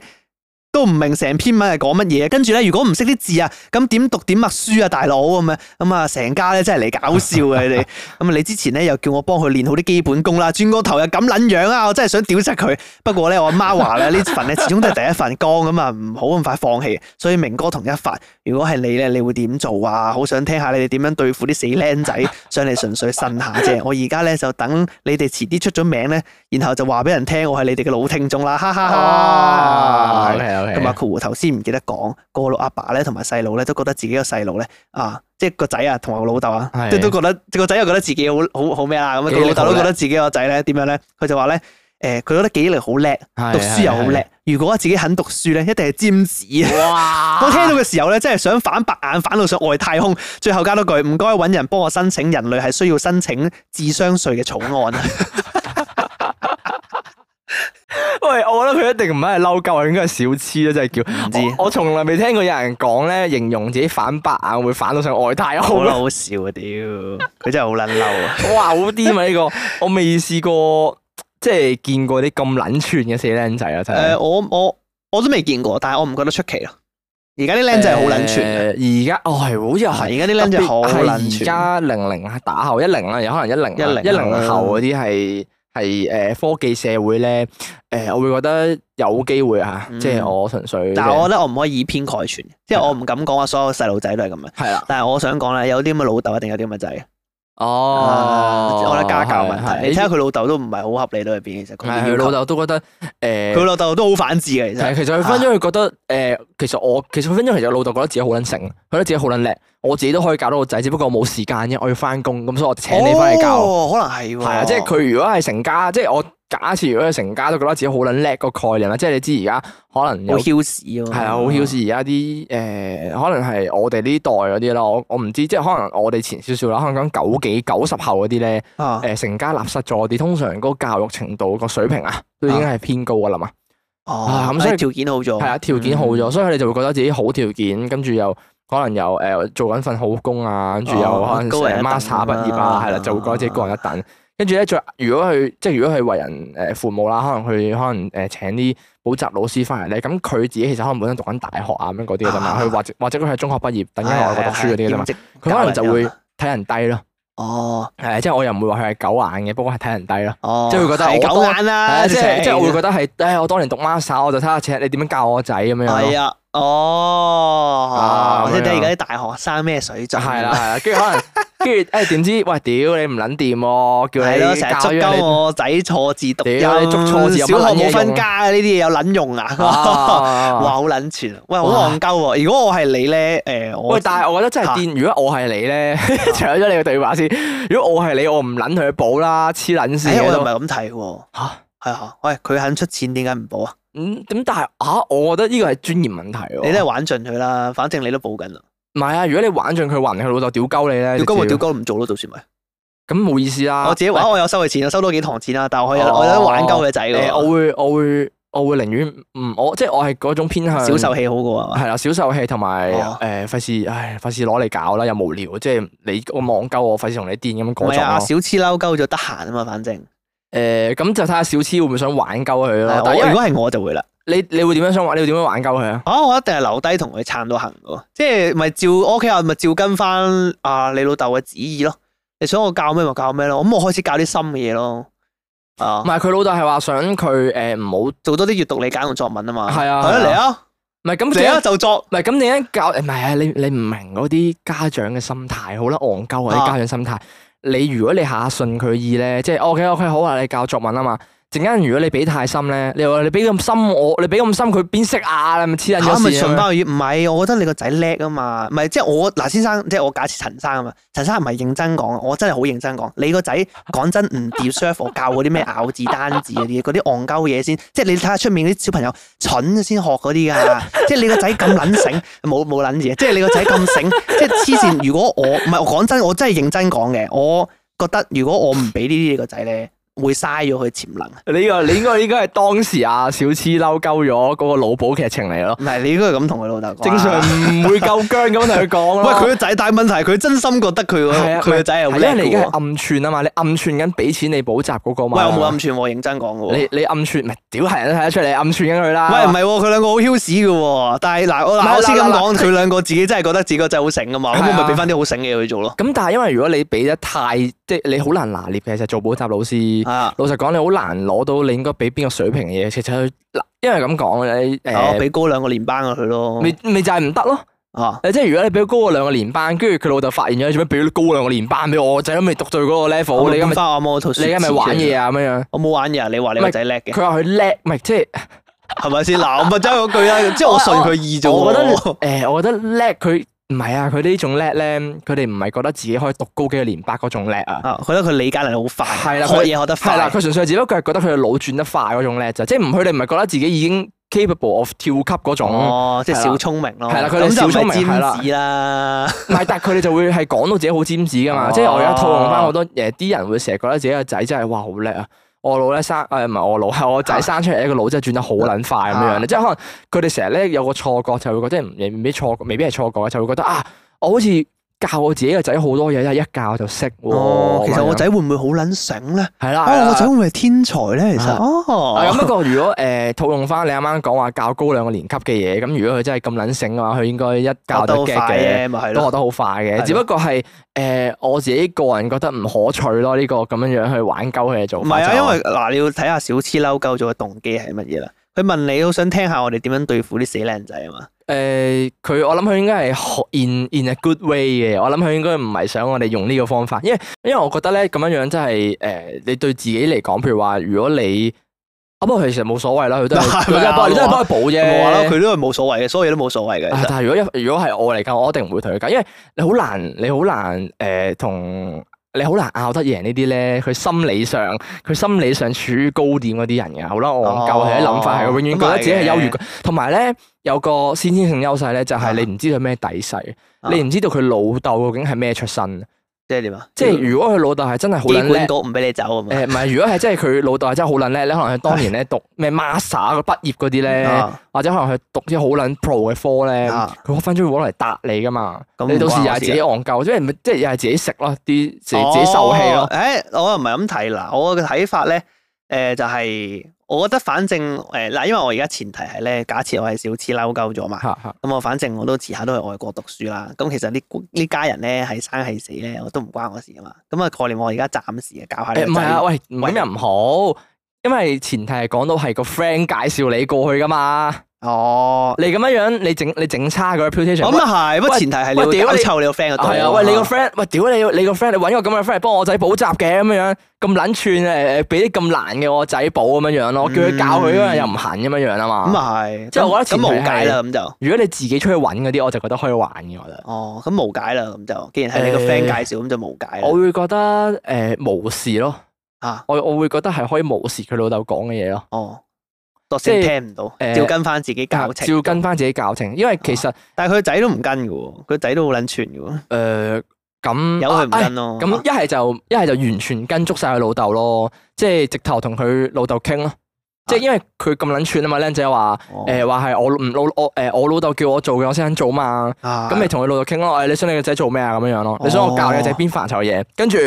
都唔明成篇文係講乜嘢，跟住咧如果唔識啲字啊，咁點讀點默書啊，大佬咁樣咁啊，成家咧真係嚟搞笑嘅你，咁你 之前咧又叫我幫佢練好啲基本功啦，轉個頭又咁撚樣啊，我真係想屌柒佢。不過咧我阿媽話啦，呢份咧始終都係第一份工咁啊，唔好咁快放棄。所以明哥同一發，如果係你咧，你會點做啊？好想聽下你哋點樣對付啲死僆仔，上嚟純粹呻下啫。我而家咧就等你哋遲啲出咗名咧，然後就話俾人聽我係你哋嘅老聽眾啦，哈哈。好嘅，好嘅。咁啊，括弧頭先唔記得講，個老阿爸咧同埋細路咧都覺得自己個細路咧啊，即係個仔啊同埋個老豆啊，即係都覺得個仔、就是、又覺得自己好好好咩啊，咁、那、啊個老豆都覺得自己個仔咧點樣咧，佢就話咧。誒，佢覺得記憶力好叻，是的 讀書又好叻。是的 如果自己肯讀書咧，一定係尖子啊！ 哇 我聽到嘅時候咧，真係想反白眼反到上外太空，最後加多句唔該，揾人幫我申請人類係需要申請智商稅嘅草案啊！ 喂，我覺得佢一定唔係係嬲鳩，應該係小痴啦，真係叫唔知我。我從來未聽過有人講咧，形容自己反白眼會反到上外太空，好，好笑啊！屌，佢真係好撚嬲啊！哇，好癲啊呢個，我未試過。 即係見過啲咁撚串嘅死僆仔啊！真係。誒、呃，我我我都未見過，但係我唔覺得出奇咯。而家啲僆仔好撚串。而家、呃、哦，係好似係而家啲僆仔好而家零零打後一零啦，有可能一零一零一零後嗰啲係係誒科技社會咧誒、呃，我會覺得有機會吓，嗯、即係我純粹。但係我覺得我唔可以以偏概全，即係的我唔敢講話所有細路仔都係咁樣。係啦的，但係我想講咧，有啲咁嘅老豆，一定有啲咁嘅仔。哦，啊、我覺得家教問題，係係係你睇下佢老豆都唔係好合理到喺邊其實。佢老豆都覺得誒，佢老豆都好反智嘅其實。其實佢分分鐘佢覺得誒、呃啊呃，其實我其實佢分分鐘其實老豆覺得自己好撚成，佢覺得自己好撚叻，我自己都可以教到個仔，只不過我冇時間啫，我要翻工，咁所以我請你翻嚟教、哦。可能係喎。係啊，即係佢如果係成家，即、就、係、係、我。假設如果成家都覺得自己好撚叻個概念啦，即係你知而家可能好囂士啊，好囂而家啲誒，可能係我哋呢代嗰啲咯。我我唔知，即係可能我哋前少少啦，可能講九幾九十後嗰啲咧，誒、啊呃、成家立室咗，啲通常嗰個教育程度個水平啊，都已經係偏高噶啦嘛。哦、啊，咁、啊、所以條件好咗，係、嗯、啊，條件好咗，所以佢哋就會覺得自己好條件，跟住又可能又誒、呃、做緊份好工啊，跟住又可能、呃、高完 master 畢業啊，係啦，就會覺得自己高人一等。跟住咧，再如果佢即係如果佢為人誒父母啦，可能佢可能誒請啲補習老師翻嚟咧，咁佢自己其實可能本身讀緊大學啊，咁嗰啲啫嘛，佢或者或者佢係中學畢業，等於喺外國讀書嗰啲啫嘛，佢可能就會睇人低咯。哦，係即係我又唔會話佢係狗眼嘅，不過係睇人低咯。哦，即係會覺得我狗眼啦，即係即係會覺得係，唉，我當年讀 master，我就睇下請你點樣教我仔咁樣咯。哦，或者睇而家啲大學生咩水準？係啦，係啦，跟住可能，跟住誒，點知喂？屌你唔卵掂，叫你成日捉鳩我仔錯字讀，又你捉錯字，小學冇分家？呢啲嘢有卵用啊！哇，好卵串，喂，好戇鳩！如果我係你咧，誒，喂，但係我覺得真係癲。如果我係你咧，搶咗你嘅對話先。如果我係你，我唔卵佢去補啦，黐卵綫，我就唔係咁睇。吓係啊，喂，佢肯出錢，點解唔補啊？嗯，咁但係啊，我覺得呢個係尊嚴問題。你都係玩盡佢啦，反正你都補緊啦。唔係啊，如果你玩盡佢，還佢老豆屌鳩你咧，屌鳩咪屌鳩唔做咯，就算咪。咁冇意思啦。我自己玩是，我有收佢錢，收多幾堂錢啦。但係我可以，哦、我有得玩鳩佢仔的、呃。我會，我會，我會寧願唔我，即係我係嗰種偏向。少受氣好過係嘛？係啦，少受氣同埋誒，費事、哦呃、唉，費事攞嚟搞啦，又無聊。即係你我網鳩，我費事同你癲咁講咯。唔係啊，小痴嬲鳩咗就得閒啊嘛，反正。誒，咁、呃、就睇下小痴會唔會想挽救佢咯。的是如果係我就會啦。你你會點樣想？你會點樣挽救佢啊？啊，我一定係留低同佢撐到行噶即係咪照 OK，我屋企人，咪照跟翻阿你老豆嘅旨意咯。你想我教咩咪教咩咯。咁我開始教啲深嘅嘢咯。啊。唔係佢老豆係話想佢誒，唔、呃、好做多啲閱讀理解同作文啊嘛。係啊的。係啊的，嚟啊的！唔係咁，你一那就作。唔係咁，你一教唔係啊？你你唔明嗰啲家長嘅心態，好啦，戇鳩啊啲家長心態。你如果你下下順佢意咧，即係 OK OK 好啊，你教作文啊嘛。陣間如果你俾太深咧，你話你俾咁深我，你俾咁深佢邊識啊？你咪黐線！我咪順包個。唔係，我覺得你個仔叻啊嘛。唔係，即係我嗱、啊，先生，即係我假設陳生啊嘛。陳生唔係認真講，我真係好認真講。你個仔講真唔 deserve，我教嗰啲咩咬字單字嗰啲嗰啲戇鳩嘢先。即係你睇下出面啲小朋友蠢先學嗰啲噶。即係你個仔咁撚醒，冇冇撚字。即係你個仔咁醒，即係黐線。如果我唔係我講真，我真係認真講嘅。我覺得如果我唔俾呢啲，你個仔咧。會嘥咗佢潛能啊？你個 你應該應該係當時阿小痴嬲鳩咗嗰個老補劇情嚟咯。唔係，你應該係咁同佢老豆講。正常唔會夠僵咁同佢講咯。 喂，佢個仔，大問題係佢真心覺得佢個佢個仔係叻因為你而家暗串啊嘛，你暗串緊俾錢你補習嗰個嘛。喂，我冇暗串喎，認真講。你你暗串唔係，屌係人都睇得出你暗串緊佢啦。喂，唔係，佢兩喂說個好囂屎嘅，但係嗱、啊、我老似咁講，佢兩、啊啊、個自己真係覺得自己個仔好醒啊嘛。咁 我咪俾翻啲好醒嘅去做咯。咁但係因為如果你俾得太即係你好難拿捏其實做補習老師。啊！老實講，你好難攞到你應該俾邊個水平嘅嘢，其實，因為咁講，你誒俾高兩個年班佢咯，咪未就係唔得咯吓！啊、即係如果你俾高兩個年班，跟住佢老豆發現咗，你做咩俾高兩個年班俾我仔，都未讀到嗰個 level？你咁花我冇套，你而家咪玩嘢啊？咁樣， 我冇玩嘢，你話你咪仔叻嘅，佢話佢叻，唔係即係係咪先？嗱，我咪就係嗰句啦，即係我順佢意啫。我覺得誒，我覺得叻佢。唔係啊，佢呢種叻咧，佢哋唔係覺得自己可以讀高幾個年班嗰種叻啊，覺得佢理解能力好快，可以學得快。係啦，佢純粹只不過係覺得佢嘅腦轉得快嗰種叻、哦、就即係唔佢哋唔係覺得自己已經 capable of 跳級嗰種。即係小聰明咯。係啦，佢哋小聰明係啦。咁就係尖子啦。但係佢哋就會係講到自己好尖子㗎嘛，即係我而家套用翻好多誒啲人會成日覺得自己個仔真係哇好叻啊！我個腦咧生誒，唔係我個腦，係我仔生出嚟，個腦真係轉得好撚快咁樣、啊、即係可能佢哋成日咧有個錯覺，覺，覺，就會覺得係未必錯，未必係錯覺，就會覺得啊，我好似。教我自己嘅仔好多嘢，一教就識。哦，其實我仔會唔會好撚醒咧？係啦，我仔會唔會係天才咧？其實哦，不過如果誒套用翻，你啱啱講話教高兩個年級嘅嘢，咁如果佢真係咁撚醒嘅話，佢應該一教都 get 嘅，都學得好快嘅。只不過係誒我自己個人覺得唔可取咯，呢個咁樣樣去玩鳩佢做唔係啊，因為嗱，你要睇下小痴嬲鳩咗嘅動機係乜嘢啦。佢問你，好想聽下我哋點樣對付啲死靚仔啊嘛？誒，佢、呃、我諗佢應該係學 in in a good way 嘅，我諗佢應該唔係想我哋用呢個方法，因為因為我覺得咧咁樣樣真係誒、呃，你對自己嚟講，譬如話如果你，不、啊、過其實冇所謂啦，佢都係佢都係幫佢補啫，冇話咯，佢都係冇所謂嘅，所以都冇所謂嘅、哎。但係如果一如果係我嚟講，我一定唔會同佢講，因為你好難，你好難誒同。呃你好難拗得贏呢啲咧，佢心理上佢心理上處於高點嗰啲人嘅，好啦，哦、我傲驕係啲諗法，係永遠覺得自己係優越。同埋咧，嗯、有個先天性優勢咧，就係你唔知佢咩底細，你唔知道佢老豆究竟係咩出身。即係點啊？即係如果佢老豆係真係好撚叻，唔俾你走啊！誒，唔係，如果係真係佢老豆係真係好撚叻咧，你可能佢當年咧讀咩 master 畢業嗰啲咧， 或者可能係讀啲好撚 pro 嘅科咧，佢 分翻出嚟攞嚟答你噶嘛， 你到時又係自己戇鳩， 即係即係又係自己食咯，啲自，自己受氣咯。誒、哦，我又唔係咁睇，嗱，我嘅睇法咧，誒、呃，就係、是。我覺得反正誒嗱，因為我而家前提係咧，假設我係小痴嬲鳩咗嘛，咁 我反正我都遲下都去外國讀書啦。咁其實呢呢家人咧係生係死咧，我都唔關我事啊嘛。咁啊概念，我而家暫時啊搞下你、欸。唔係啊，喂，揾人唔好，喂因為前提係講到係個 friend 介紹你過去噶嘛。哦，你咁樣樣，你整你整差個 reputation，咁啊係，不過前提係你要啲你個 friend 個係啊，喂你個 friend，喂屌你要你個 friend，你搵個咁嘅 friend 嚟幫我仔補習嘅咁樣，咁撚串誒誒，俾啲咁難嘅我仔補咁樣樣咯，叫佢教佢嗰陣又唔行咁樣樣啊嘛，咁係，即係我覺得無解啦，咁就如果你自己出去搵嗰啲，我就覺得可以玩嘅，我覺得。哦，咁無解啦，咁就既然係你個 friend 介紹，咁就無解。我會覺得誒無視咯，啊，我我會覺得係可以無視佢老豆講嘅嘢咯。哦。即係聽唔到，照跟翻自己教程，照跟翻自己教程。因為其實，但係佢仔都唔跟㗎喎，佢仔都好撚串㗎喎。誒，咁有佢唔跟咯。咁一係就一係就完全跟足晒佢老豆咯，即係直頭同佢老豆傾咯。即係因為佢咁撚串啊嘛，靚仔話誒話係我唔老我誒我老豆叫我做嘅我先肯做啊嘛。咁咪同佢老豆傾咯。誒，你想你個仔做咩啊咁樣樣咯。你想我教你個仔邊範疇嘢，跟住。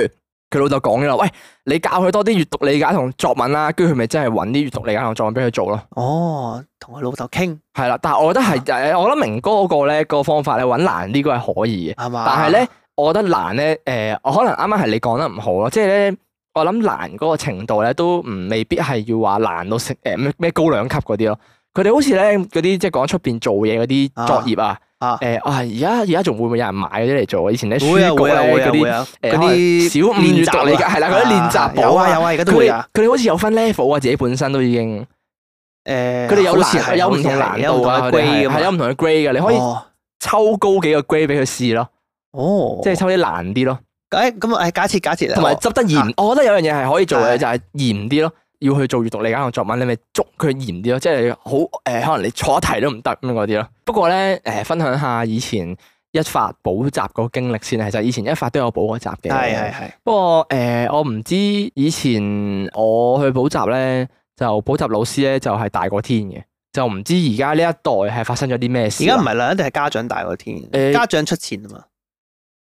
佢老豆講嘅啦，喂，你教佢多啲閱讀理解同作文啦，跟住佢咪真係揾啲閱讀理解同作文俾佢做咯。哦，同佢老豆傾。係啦，但係我覺得係誒，啊、我諗明哥嗰個咧個方法咧揾難呢個係可以嘅。係嘛？但係咧，我覺得難咧誒、呃，我可能啱啱係你講得唔好咯，即係咧，我諗難嗰個程度咧都唔未必係要話難到成誒咩咩高兩級嗰啲咯。佢哋好似咧嗰啲即係講出邊做嘢嗰啲作業啊。啊啊！誒啊！而家而家仲會唔會有人買嗰啲嚟做？以前啲書局啊，嗰啲嗰啲小練習嚟㗎，係啦，嗰啲練習簿啊，有啊有啊，而家都有啊佢哋好似有分 level 啊，自己本身都已經誒，佢哋有時有唔同難度啊，grade 係有唔同嘅 grade 嘅，你可以抽高幾個 grade 俾佢試咯，哦，即係抽啲難啲咯。咁咁假設假設同埋執得嚴，我覺得有樣嘢係可以做嘅，就係嚴啲咯。要去做閱讀理解同作文，你咪捉佢嚴啲咯，即係好誒，可能你錯一題都唔得咁嗰啲咯。不過咧，誒、呃，分享下以前一發補習個經歷先。其實以前一發都有補過習嘅。係係係。不過誒、呃，我唔知以前我去補習咧，就補習老師咧就係、是、大過天嘅，就唔知而家呢一代係發生咗啲咩事，、啊。而家唔係啦，一定係家長大過天，欸、家長出錢啊嘛。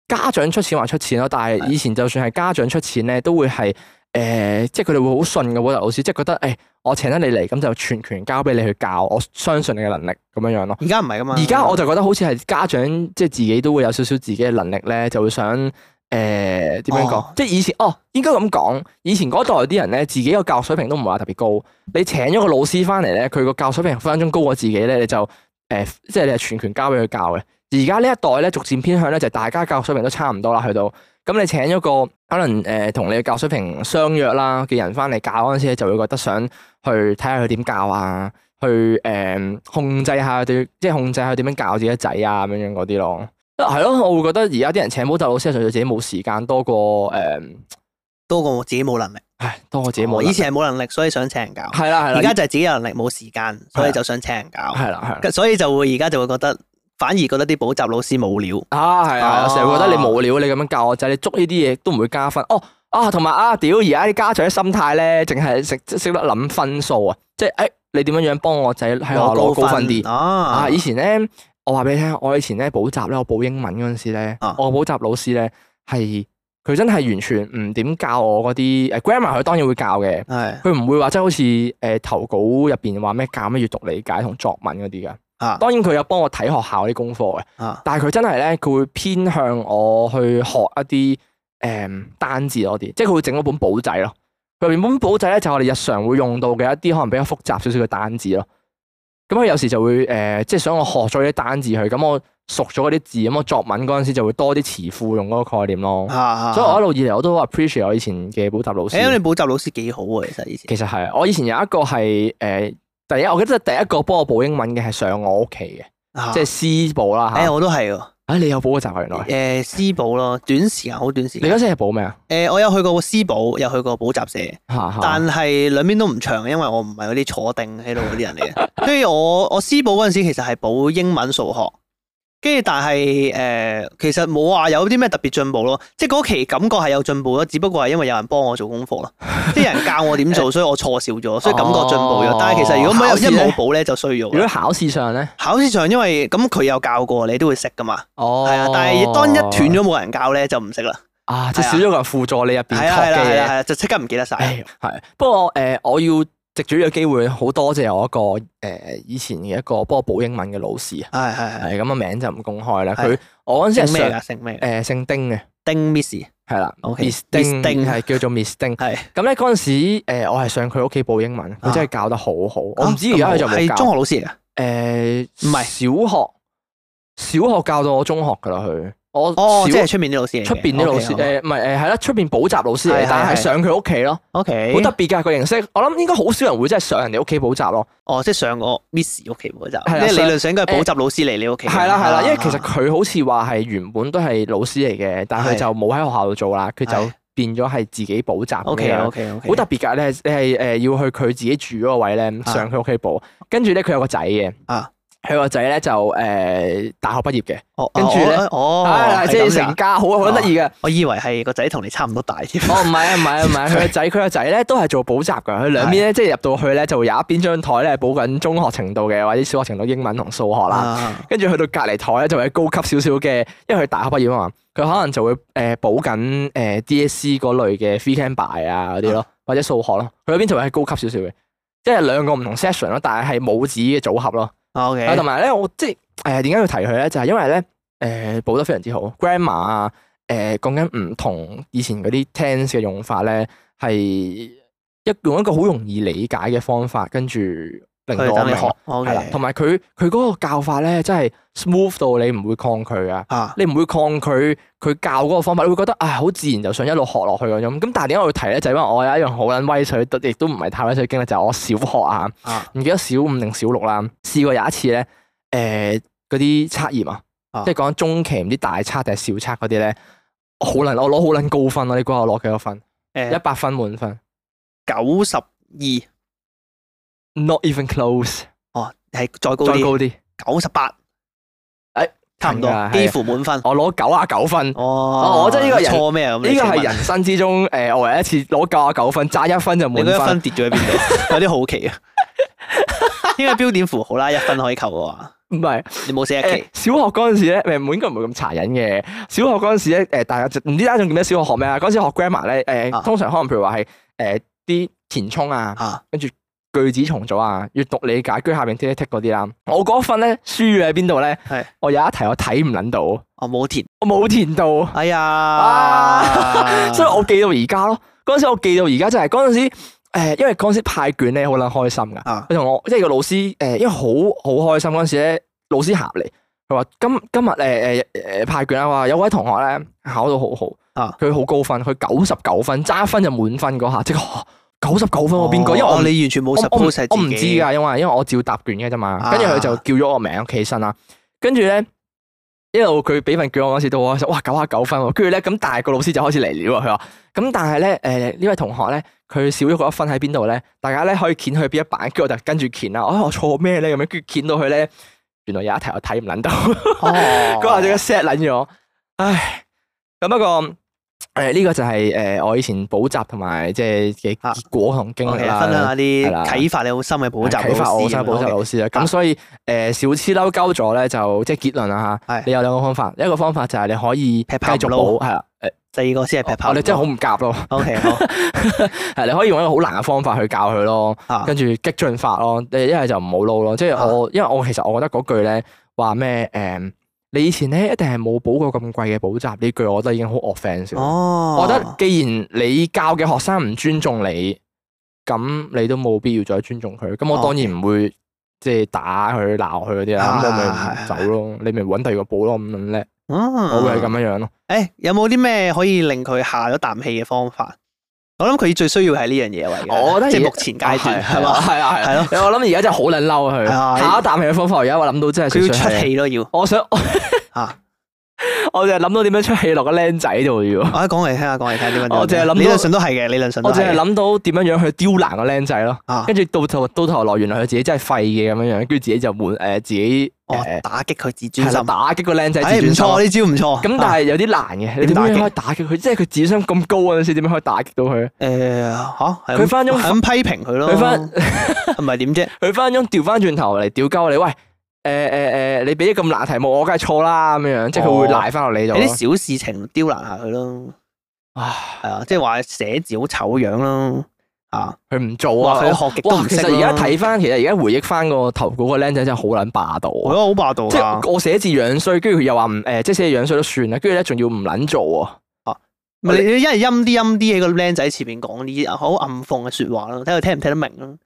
家長出錢還出錢咯，但係以前就算係家長出錢咧，都會係。誒、呃，即係佢哋會好信嘅嗰老師，即係覺得誒、欸，我請得你嚟，咁就全權交俾你去教，我相信你嘅能力咁樣樣咯。而家唔係噶嘛，而家我就覺得好似係家長，即係自己都會有少少自己嘅能力咧，就會想誒點、呃、樣講？哦、即係以前哦，應該咁講，以前嗰代啲人咧，自己個教育水平都唔係話特別高，你請咗個老師翻嚟咧，佢個教育水平分分鐘高過自己咧，你就誒、呃，即係你係全權交俾佢教嘅。而家呢一代咧，逐漸偏向咧，就大家教育水平都差唔多啦，去到咁你請咗個。可能誒，同、呃、你嘅教水平相約啦，叫人翻嚟教嗰陣時就會覺得想去睇下佢點教啊，去誒、呃、控制下佢，即係控制下點樣教自己仔啊咁樣嗰啲咯。係咯、嗯，我會覺得而家啲人請補習老師，係純粹自己冇時間多過誒，呃、多過自己冇能力。唉，多過自己冇。以前係冇能力，所以想請人教。係啦係啦。而家就自己有能力，冇時間，所以就想請人教。係啦係啦，所以就會而家就會覺得。反而覺得啲補習老師冇料，啊，係啊，成日會覺得你冇料。你咁樣教我仔，你捉呢啲嘢都唔會加分哦。啊，同埋啊，屌而家啲家長嘅心態咧，淨係識識得諗分數啊，即係誒、欸，你點樣樣幫我仔喺學校攞高分啲啊？以前咧，我話俾你聽，我以前咧補習咧，我補英文嗰陣時咧，啊、我補習老師咧係佢真係完全唔點教我嗰啲誒、啊、grammar，佢當然會教嘅，佢唔、啊、會話即係好似誒、呃、投稿入邊話咩教咩閱讀理解同作文嗰啲噶。啊！當然佢有幫我睇學校啲功課嘅，啊、但係佢真係咧，佢會偏向我去學一啲誒、呃、單字多啲，即係佢會整一本簿仔咯。佢原本簿仔咧就係我哋日常會用到嘅一啲可能比較複雜少少嘅單字咯。咁佢有時就會誒、呃，即係想我學咗啲單字去，咁我熟咗嗰啲字，咁我作文嗰陣時就會多啲詞庫用嗰個概念咯。所以我一路、啊啊、以嚟我，我都好 appreciate 我以前嘅補習老師。欸、你補習老師幾好啊？其實以前其實係我以前有一個係誒。呃第一，我記得第一個幫我補英文嘅係上我屋企嘅，啊、即係私補啦吓。誒、哎，我都係喎。啊，你有補過習原來？誒，私補咯，短時間，好短時間。你嗰時係補咩啊？誒、呃，我有去過個私補，有去過補習社，哈哈但係兩邊都唔長，因為我唔係嗰啲坐定喺度嗰啲人嚟嘅。 所以我，我私補嗰陣時其實係補英文、數學。跟住，但係誒、呃，其實冇話有啲咩特別進步咯。即係嗰期感覺係有進步咯，只不過係因為有人幫我做功課咯， 即有人教我點做，所以我錯少咗，所以感覺進步咗。但係其實如果冇一冇補咧，就需要。如果考試上咧，考試上因為咁佢有教過你都會識噶嘛。哦，係啊。但係當一斷咗冇人教咧，就唔識啦。啊，即少咗個人輔助你入邊。係啦係啦係啦，就即刻唔記得晒。係、啊。不過誒，我要。直主嘅機會好多謝我一個誒以前嘅一個幫我補英文嘅老師啊，係係咁個名就唔公開啦。佢我嗰陣時姓咩？誒姓丁嘅丁 Miss，係啦，Miss 丁係叫做 Miss 丁。係咁咧嗰陣時我係上佢屋企補英文，佢真係教得好好。我唔知而家就冇教。係中學老師啊？誒唔係小學，小學教到我中學㗎啦佢。我少出面啲老師，出邊啲老師誒，唔係誒，係咯，出邊補習老師嚟，但係上佢屋企咯，OK，好特別㗎個形式。我諗應該好少人會真係上人哋屋企補習咯。哦，即係上個 Miss 屋企補習，即係理論上應該係補習老師嚟你屋企。係啦係啦，因為其實佢好似話係原本都係老師嚟嘅，但係就冇喺學校度做啦，佢就變咗係自己補習嘅 OK OK OK 好特別㗎，你係你係誒要去佢自己住嗰個位咧上佢屋企補，跟住咧佢有個仔嘅啊。佢個仔咧就誒大學畢業嘅，跟住咧，哦，即係成家，好好得意嘅。我以為係個仔同你差唔多大添。哦，唔係唔係唔係，佢個仔，佢個仔咧都係做補習嘅。佢兩邊咧，即係入到去咧，就會有一邊張台咧補緊中學程度嘅或者小學程度英文同數學啦。跟住去到隔離台咧，就會係高級少少嘅，因為佢大學畢業啊嘛，佢可能就會誒補緊誒 DSE 嗰類嘅 f e e c a m b y 啊嗰啲咯，或者數學咯。佢嗰邊就會係高級少少嘅，即係兩個唔同 session 咯，但係係母子嘅組合咯。啊，同埋咧，我即係誒點解要提佢咧？就係、是、因為咧，誒、呃、補得非常之好，Grammar 啊，誒講緊唔同以前嗰啲 Tense 嘅用法咧，係一用一個好容易理解嘅方法，跟住。令同埋佢佢嗰個教法咧，真係 smooth 到你唔會抗拒啊！你唔會抗拒佢教嗰個方法，你會覺得啊，好自然就想一路學落去嗰種。咁但係點解我要提咧？就係因為我有一樣好撚威水，亦都唔係太威水經歷，就係我小學啊，唔記得小五定小六啦，試過有一次咧，誒嗰啲測驗啊，即係講中期唔知大測定係小測嗰啲咧，我好撚我攞好撚高分啊。你估下我攞幾多分？誒一百分滿分九十二。Not even close。哦，係再高啲。再高啲。九十八。誒，差唔多，幾乎滿分。我攞九啊九分。哦。我真係呢個錯咩？呢個係人生之中誒，我唯一一次攞九啊九分，差一分就滿分。你嗰一分跌咗喺邊度？有啲好奇啊。因為標點符號啦，一分可以扣噶。唔係，你冇寫日期。小學嗰陣時咧，誒，唔應該唔會咁殘忍嘅。小學嗰陣時咧，誒，大家唔知大家仲記唔記得小學學咩啊？嗰陣時學 grammar 咧，誒，通常可能譬如話係誒啲填充啊，跟住。句子重組啊，閱讀理解，居下面 t i c 嗰啲啦。我嗰份咧，書喺邊度咧？係是我有一題我睇唔捻到，我冇填，我冇填到。係、哎、呀啊， 所以我記到而家咯。嗰陣時我記到而家，就係嗰陣時，誒、呃，因為嗰陣時派卷咧，好捻開心噶。佢同我，即係個老師，誒、呃，因為好好開心嗰陣時咧，老師合嚟，佢話今今日誒誒誒派卷啊，話有位同學咧考到好好，啊，佢好高分，佢九十九分，差一分就滿分嗰下，即係。九十九分喎，邊個？因為我、哦、你完全冇實 pose 我唔知噶，因為因為我照答完嘅啫嘛。跟住佢就叫咗我名企起身啦。跟住咧，一路佢俾份卷我嗰時到，我話哇九啊九分喎。跟住咧，咁但係個老師就開始嚟料，佢話咁但係咧，誒、呃、呢位同學咧，佢少咗嗰一分喺邊度咧？大家咧可以掀去邊一版？跟住我就跟住掀啦。我、哎、我錯咩咧？咁樣跟住掀到佢咧，原來有一題我睇唔捻到，嗰下真係 sad 捻咗。唉，咁不過。誒呢個就係誒我以前補習同埋即係嘅結果同經歷啦，分享下啲啟發你好深嘅補習老師啦。咁所以誒小痴嬲鳩咗咧，就即係結論啦嚇。你有兩個方法，一個方法就係你可以繼續撈，係啦。誒，第二個先係劈炮。我哋真係好唔夾咯。O K，好係你可以用一個好難嘅方法去教佢咯，跟住激進法咯。你一係就唔好撈咯，即係我因為我其實我覺得嗰句咧話咩誒。你以前咧一定係冇補過咁貴嘅補習呢句，我覺得已經好 offense。Oh. 我覺得既然你教嘅學生唔尊重你，咁你都冇必要再尊重佢。咁、oh. 我當然唔會即係打佢、鬧佢嗰啲啦。咁 Okay. 我咪走咯，ah. 你咪搵第二個補咯咁樣咧。我，ah. 我會係咁樣樣咯。誒，hey, 有冇啲咩可以令佢下咗啖氣嘅方法？我諗佢最需要係呢樣嘢為，我覺得係目前階段係嘛，係啊係咯。我諗而家真係好撚嬲佢，下啖氣嘅方法而家我諗到真係需要出氣咯的要。我想吓。 啊我淨係諗到點樣出戲落個僆仔度要，我講嚟聽下，講嚟聽點樣。我淨係諗到，理論上都係嘅，理論上都係。我淨係諗到點樣樣去刁難個僆仔咯，跟住到頭到頭來，原來佢自己真係廢嘅咁樣樣，跟住自己就換誒、呃、自己、呃、打擊佢自尊心，打擊個僆仔。係唔錯，呢招唔錯。咁但係有啲難嘅，啊、你點樣可以打擊佢？即係佢智商咁高嗰陣時，點樣可以打擊到佢？誒、呃，佢翻種咁批評佢咯，咯 反反，唔係點啫？佢翻種調翻轉頭嚟屌鳩你喂。誒誒誒，你俾啲咁難題目，我梗係錯啦咁樣樣，即係佢會賴翻落你度。啲小事情刁難下佢咯，啊，係啊，即係話寫字好醜樣咯，啊，佢唔做啊，佢學極都唔識。其實而家睇翻，其實而家回憶翻個頭嗰個僆仔真係好撚霸道，好霸道啊！我寫字樣衰，跟住佢又話唔誒，即係寫字樣衰都算啦，跟住咧仲要唔捻做啊？唔係你一係陰啲陰啲喺個僆仔前面講啲好暗諷嘅說話咯，睇佢聽唔聽得明咯？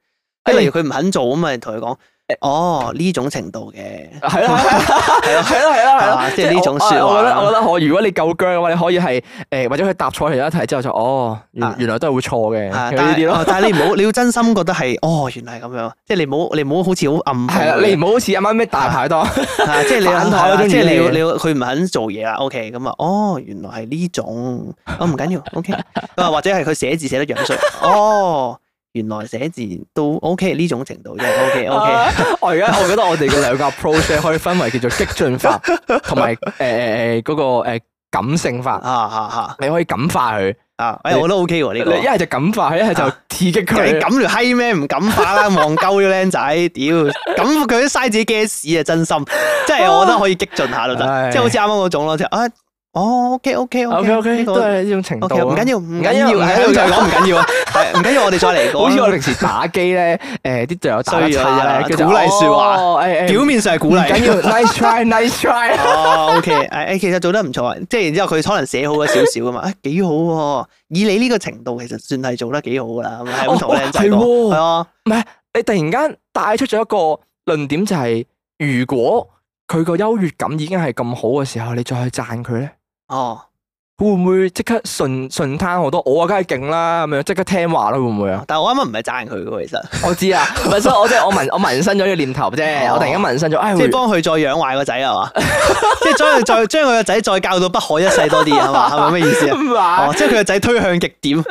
即例如佢唔肯做啊嘛，同佢講。哦，呢種程度嘅，係啦，係啦，係啦，係啦，即係呢種說話。我覺得，我覺得我如果你夠僵嘅話，你可以係誒或者佢答錯咗一題之後就哦，原來都係會錯嘅呢啲。但係你唔好你要真心覺得係哦，原來係咁樣，即係你唔好你唔好好似好暗係啦。你唔好好似暗埋咩大排檔，即係你肯，即係你要你要佢唔肯做嘢啦。OK，咁啊，哦，原來係呢種哦，唔緊要。OK，或者係佢寫字寫得樣衰。哦。原來寫字都 OK 呢種程度啫，OK OK。啊、我而家我覺得我哋嘅兩個 p r o c e s s 可以分為叫做激進法同埋誒誒嗰個誒感性法。吓吓吓，啊、你可以感化佢。啊，誒、OK，我都 OK 喎呢個。一係你就感化佢，一係、啊、就刺激佢、啊。你感條閪咩？唔感化啦，戇鳩啲僆仔，屌、啊！感佢都嘥自己 gas 啊，真心。即係、啊、我覺得可以激進下就得，即係好似啱啱嗰種咯，就啊。就哦，OK，OK，OK，OK，都係呢種程度。唔緊要，唔緊要，喺度就係講唔緊要啊，唔緊要，我哋再嚟過。好似我平時打機咧，誒，啲隊友打差咧，佢鼓勵說話，表面上係鼓勵。唔緊要，nice try，nice try。哦，OK，誒，其實做得唔錯啊，即係然之後佢可能寫好咗少少㗎嘛，誒，幾好。以你呢個程度，其實算係做得幾好噶啦，係咪？土好靚仔係啊，唔係你突然間帶出咗一個論點，就係如果佢個優越感已經係咁好嘅時候，你再去讚佢咧？哦，會唔會即刻順順攤好多？我啊梗係勁啦，咁樣即刻聽話啦，會唔會啊？但係我啱啱唔係讚佢噶，其實 我知啊，唔係所以我即係我紋我紋身咗個念頭啫，哦、我突然間紋身咗、哎， 即係幫佢再養壞個仔啊嘛，即係將再將佢個仔再教到不可一世多啲啊嘛，係咪咩意思啊？ 哦，即係佢個仔推向極點，誒，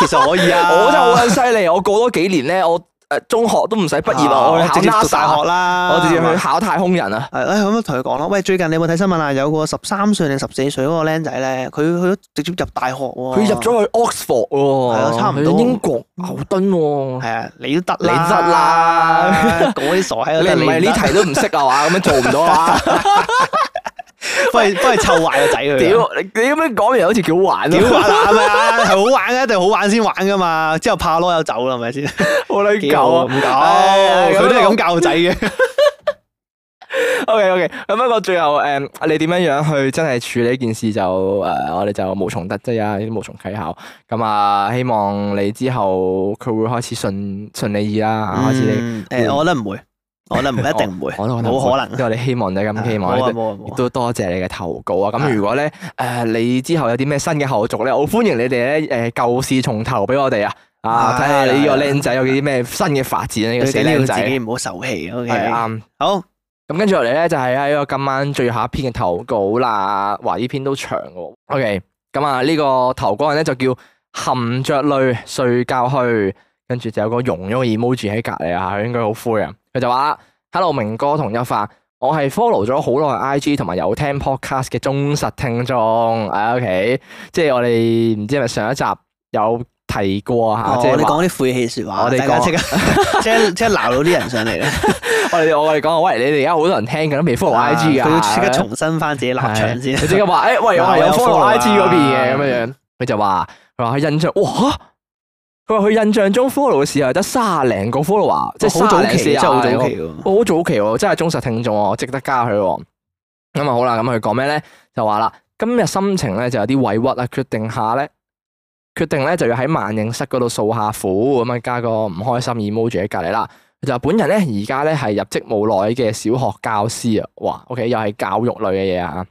其實可以啊， 我就好犀利，我過多幾年咧，我。誒，中學都唔使畢業，哦，我 A，直接讀大學啦，我直接去考太空人啊！係，誒，哎，咁樣同佢講咯。喂，最近你有冇睇新聞啊？有個十三歲定十四歲嗰個僆仔咧，佢都直接入大學喎。佢入咗去 Oxford 喎。係啊，差唔多英國牛頓喎。係啊，你都得，你得啦。講啲傻閪， 你唔係呢題都唔識啊？話，咁樣做唔到啊？ 不嚟翻嚟臭壞個仔佢。屌， 你咁樣講完，好似幾好玩啊！幾好玩啊，係咪啊？係好玩咧， 一定好玩先玩噶嘛。之後怕，囉又走啦，係咪先？好撚狗啊！狗，哦，佢都係咁教仔嘅。O K O K，咁不過最後誒，嗯，你點樣樣去真係處理呢件事？就誒，呃，我哋就無從得知啊，無從稽考。咁啊，希望你之後佢會開始順順利爾啦。嗯，開始你誒、嗯、我覺得唔會。我我可能唔一定唔會，冇可能。即係你希望你咁希望、啊，亦、啊啊啊、都多謝你嘅投稿啊！咁、啊、如果咧，誒、呃、你之後有啲咩新嘅後續咧，我歡迎你哋咧，誒、呃、舊事重投俾我哋啊！啊睇下你呢個靚仔有幾啲咩新嘅發展，呢個死靚仔，自己唔好受氣。O K，係啱。啊、好，咁跟住落嚟咧就係喺個今晚最後一篇嘅投稿啦、啊。哇、啊，呢篇都長嘅。O K，咁啊呢個投稿咧就叫含着淚睡覺去，跟住就有個溶咗個 emo 住喺隔籬啊，應該好灰啊。就話，Hello 明哥同一發，我係 follow 咗好耐 IG 同埋有聽 podcast 嘅忠實聽眾喺屋企，okay? 即係我哋唔知係咪上一集有提過吓？我哋講啲晦氣說,、哦、晦氣說話，我哋即刻即係鬧到啲人上嚟啦。 我哋我哋講，喂你哋而家好多人聽噶，都未 follow IG 噶、啊，佢即刻重新翻自己立場先。佢即刻話，誒、 欸、喂，我係有 follow IG 嗰邊嘅咁樣樣。佢、啊嗯、就話，話印象哇。佢話：佢印象中 follow 嘅時候得三廿零個 follower，即係好早期啊！真係好早期喎，好早期真係忠實聽眾喎，我值得加佢喎、啊。咁啊好啦，咁佢講咩咧？就話啦，今日心情咧就有啲委屈啦，決定下咧，決定咧就要喺萬應室嗰度掃下苦咁啊，加個唔開心 emoji 喺隔離啦。就本人咧而家咧係入職無耐嘅小學教師啊，哇！OK，又係教育類嘅嘢啊。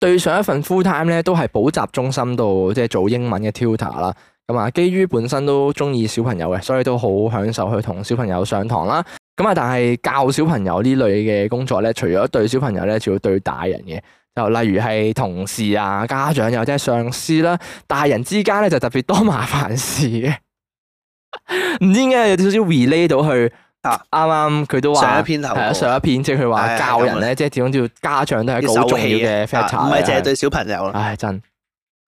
對上一份 full time 咧都係補習中心度即係做英文嘅 tutor 啦。咁啊，基於本身都中意小朋友嘅，所以都好享受去同小朋友上堂啦。咁啊，但係教小朋友呢類嘅工作咧，除咗對小朋友咧，仲要對大人嘅。就例如係同事啊、家長又、啊、或者係上司啦、啊，大人之間咧就特別多麻煩事嘅。唔 知點解有少少 relate 到去啊？啱啱佢都話上一篇、啊、上一篇，即係佢話教人咧，即係點講叫家長都係一個好重要嘅 factor。唔係淨係對小朋友唉、哎，真。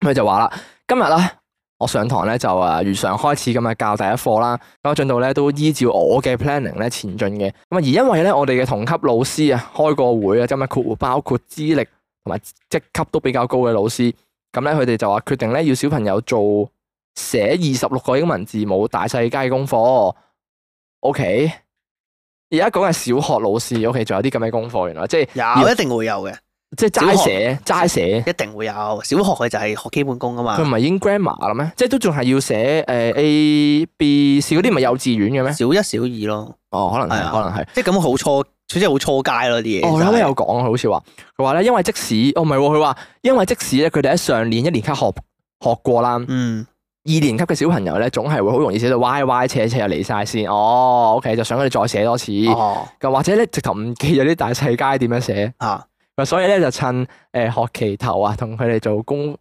咁佢就話啦，今日啦。我上堂咧就啊如常開始咁啊教第一課啦，咁啊進度咧都依照我嘅 planning 咧前進嘅。咁啊而因為咧我哋嘅同級老師啊開個會啊，即係括弧包括資歷同埋職級都比較高嘅老師，咁咧佢哋就話決定咧要小朋友做寫二十六個英文字母大細楷功課。O K，而家講係小學老師，O K，仲有啲咁嘅功課，原來即係有一定會有嘅。即係齋寫，齋寫一定會有。小學佢就係學基本功噶嘛。佢唔係已經 grammar 啦咩？即係都仲係要寫誒 A、B、C 嗰啲，咪幼稚園嘅咩？小一、小二咯。哦，可能係，可能係。即係咁樣好初，即係好初階咯啲嘢。哦，咁都有講，好似話佢話咧，因為即使哦唔係，佢話因為即使咧，佢哋喺上年一年級學學過啦。嗯。二年級嘅小朋友咧，總係會好容易寫到歪歪斜斜又離晒線。哦，OK，就想佢哋再寫多次。哦。又或者咧，直頭唔記得啲大細階點樣寫。吓。所以咧就趁誒學期頭啊，同佢哋做功，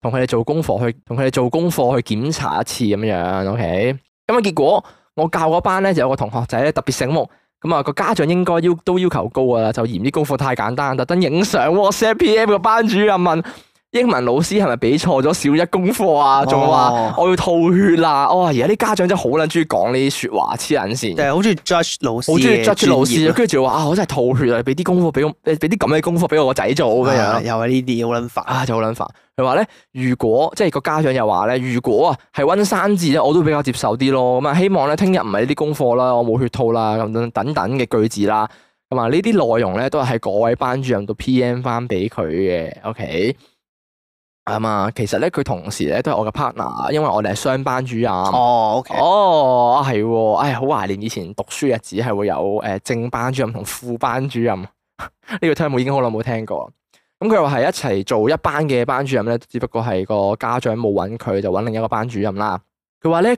同佢哋做功課，功課去同佢哋做功課去檢查一次咁樣，OK？咁啊，結果我教嗰班咧，就有個同學仔咧，特別醒目，咁啊個家長應該要都要求高啊，就嫌啲功課太簡單，特登影相 WhatsApp PM 個班主任、啊、問。英文老師係咪俾錯咗小一功課啊？仲話我要吐血啊！哇，而家啲家長真係好撚中意講呢啲說話黐撚線，就係好中意 judge 老師，好中意 judge 老師，跟住就話啊，我真係吐血啊！俾啲功課俾我，俾啲咁嘅功課俾我個仔做咁樣，又係呢啲好撚煩啊！就好撚煩。佢話咧，如果即係個家長又話咧，如果啊係温生字咧，我都比較接受啲咯。咁啊，希望咧聽日唔係呢啲功課啦，我冇血吐啦，咁等等嘅句子啦。咁啊，呢啲內容咧都係各位班主任都 PM 翻俾佢嘅，OK。啊嘛，其實咧佢同時咧都係我嘅 partner，因為我哋係雙班主任。哦、oh，OK，哦，係，唉，好懷念以前讀書日子，係會有誒正班主任同副班主任。呢 個聽冇已經好耐冇聽過。咁佢話係一齊做一班嘅班主任咧，只不過係個家長冇揾佢，就揾另一個班主任啦。佢話咧，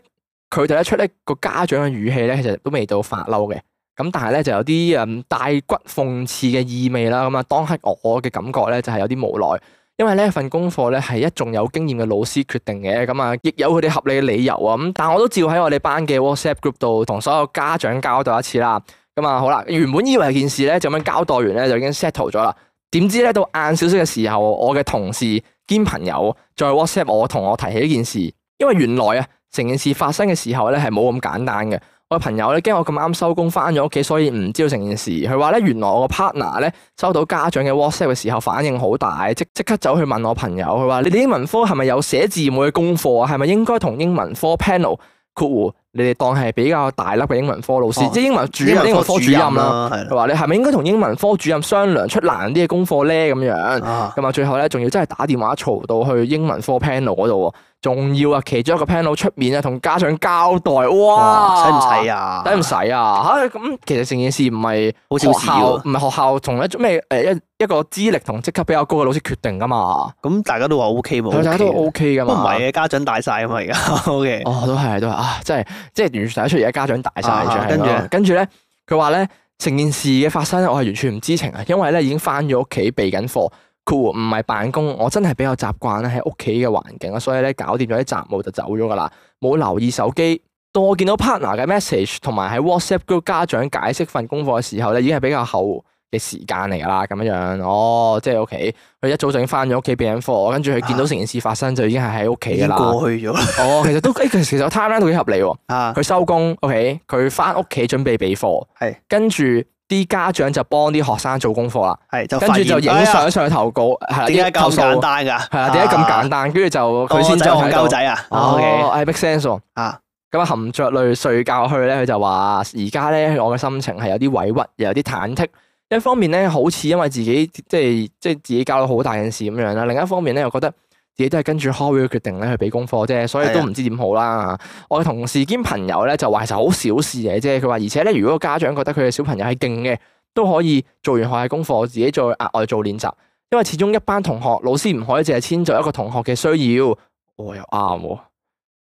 佢哋一出咧個家長嘅語氣咧，其實都未到發嬲嘅，咁但係咧就有啲誒帶骨諷刺嘅意味啦。咁啊，當刻我嘅感覺咧就係有啲無奈。因為呢份功課咧係一眾有經驗嘅老師決定嘅，咁啊亦有佢哋合理嘅理由啊，咁但我都照喺我哋班嘅 WhatsApp group 度同所有家長交代一次啦。咁啊好啦，原本以為件事咧就咁交代完咧就已經 settle 咗啦，點知咧到晏少少嘅時候，我嘅同事兼朋友再 WhatsApp 我同我提起呢件事，因為原來啊成件事發生嘅時候咧係冇咁簡單嘅。我朋友咧驚我咁啱收工返咗屋企，所以唔知道成件事。佢話咧，原來我個 partner 咧收到家長嘅 WhatsApp 嘅時候反應好大，即即刻走去問我朋友。佢話：你哋英文科係咪有寫字母嘅功課啊？係咪應該同英文科 panel 括弧你哋當係比較大粒嘅英文科老師，哦、即英文主任，英文科主任啦。佢話：啊、你係咪應該同英文科主任商量出難啲嘅功課咧？咁樣咁啊，最後咧仲要真係打電話嘈到去英文科 panel 嗰度。仲要啊！其中一個 panel 出面啊，同家長交代，哇！使唔使啊？使唔使啊？嚇、啊、咁，其實成件事唔係好小事。唔係學校從一種咩誒一一個資歷同職級比較高嘅老師決定噶嘛？咁大家都話 O K 喎，大家都 O K 噶嘛？唔係嘅，家長大晒啊嘛而家，O K。 哦，都係，都係啊！真係，真係完全睇得出而家家長大晒、啊啊。跟住，跟住咧，佢話咧，成件事嘅發生，我係完全唔知情啊，因為咧已經返咗屋企備緊課。唔係辦公，我真係比較習慣咧喺屋企嘅環境，所以咧搞掂咗啲雜務就走咗噶啦，冇留意手機。到我見到 partner 嘅 message 同埋喺 WhatsApp group 家長解釋份功課嘅時候咧，已經係比較後嘅時間嚟噶啦。咁樣樣，哦，即係 OK 佢一早已經翻咗屋企備緊課，跟住佢見到成件事發生就已經係喺屋企噶啦。過去咗。哦，其實都誒、欸，其實我 time 咧都幾合理喎。啊， 佢收工，OK，佢翻屋企準備備課，係跟住。啲家長就幫啲學生做功課啦，係，跟住就影相上去投稿，係啦，點解咁簡單㗎，係啊，點解咁簡單？跟住就佢先做嘅。憨仔啊，哦，I Big sense 啊，咁啊、嗯、含着淚睡覺去咧，佢就話而家咧我嘅心情係有啲委屈，又有啲忐忑。一方面咧好似因為自己即係即係自己教到好大件事咁樣啦，另一方面咧又覺得。自己都係跟住學校嘅決定咧去俾功課啫，所以都唔知點好啦。我嘅同事兼朋友咧就話其實好小事嘅啫，佢話而且咧如果家長覺得佢嘅小朋友係勁嘅，都可以做完學校功課，自己再額外做練習，因為始終一班同學老師唔可以淨係遷就一個同學嘅需要。我、哦、又啱喎，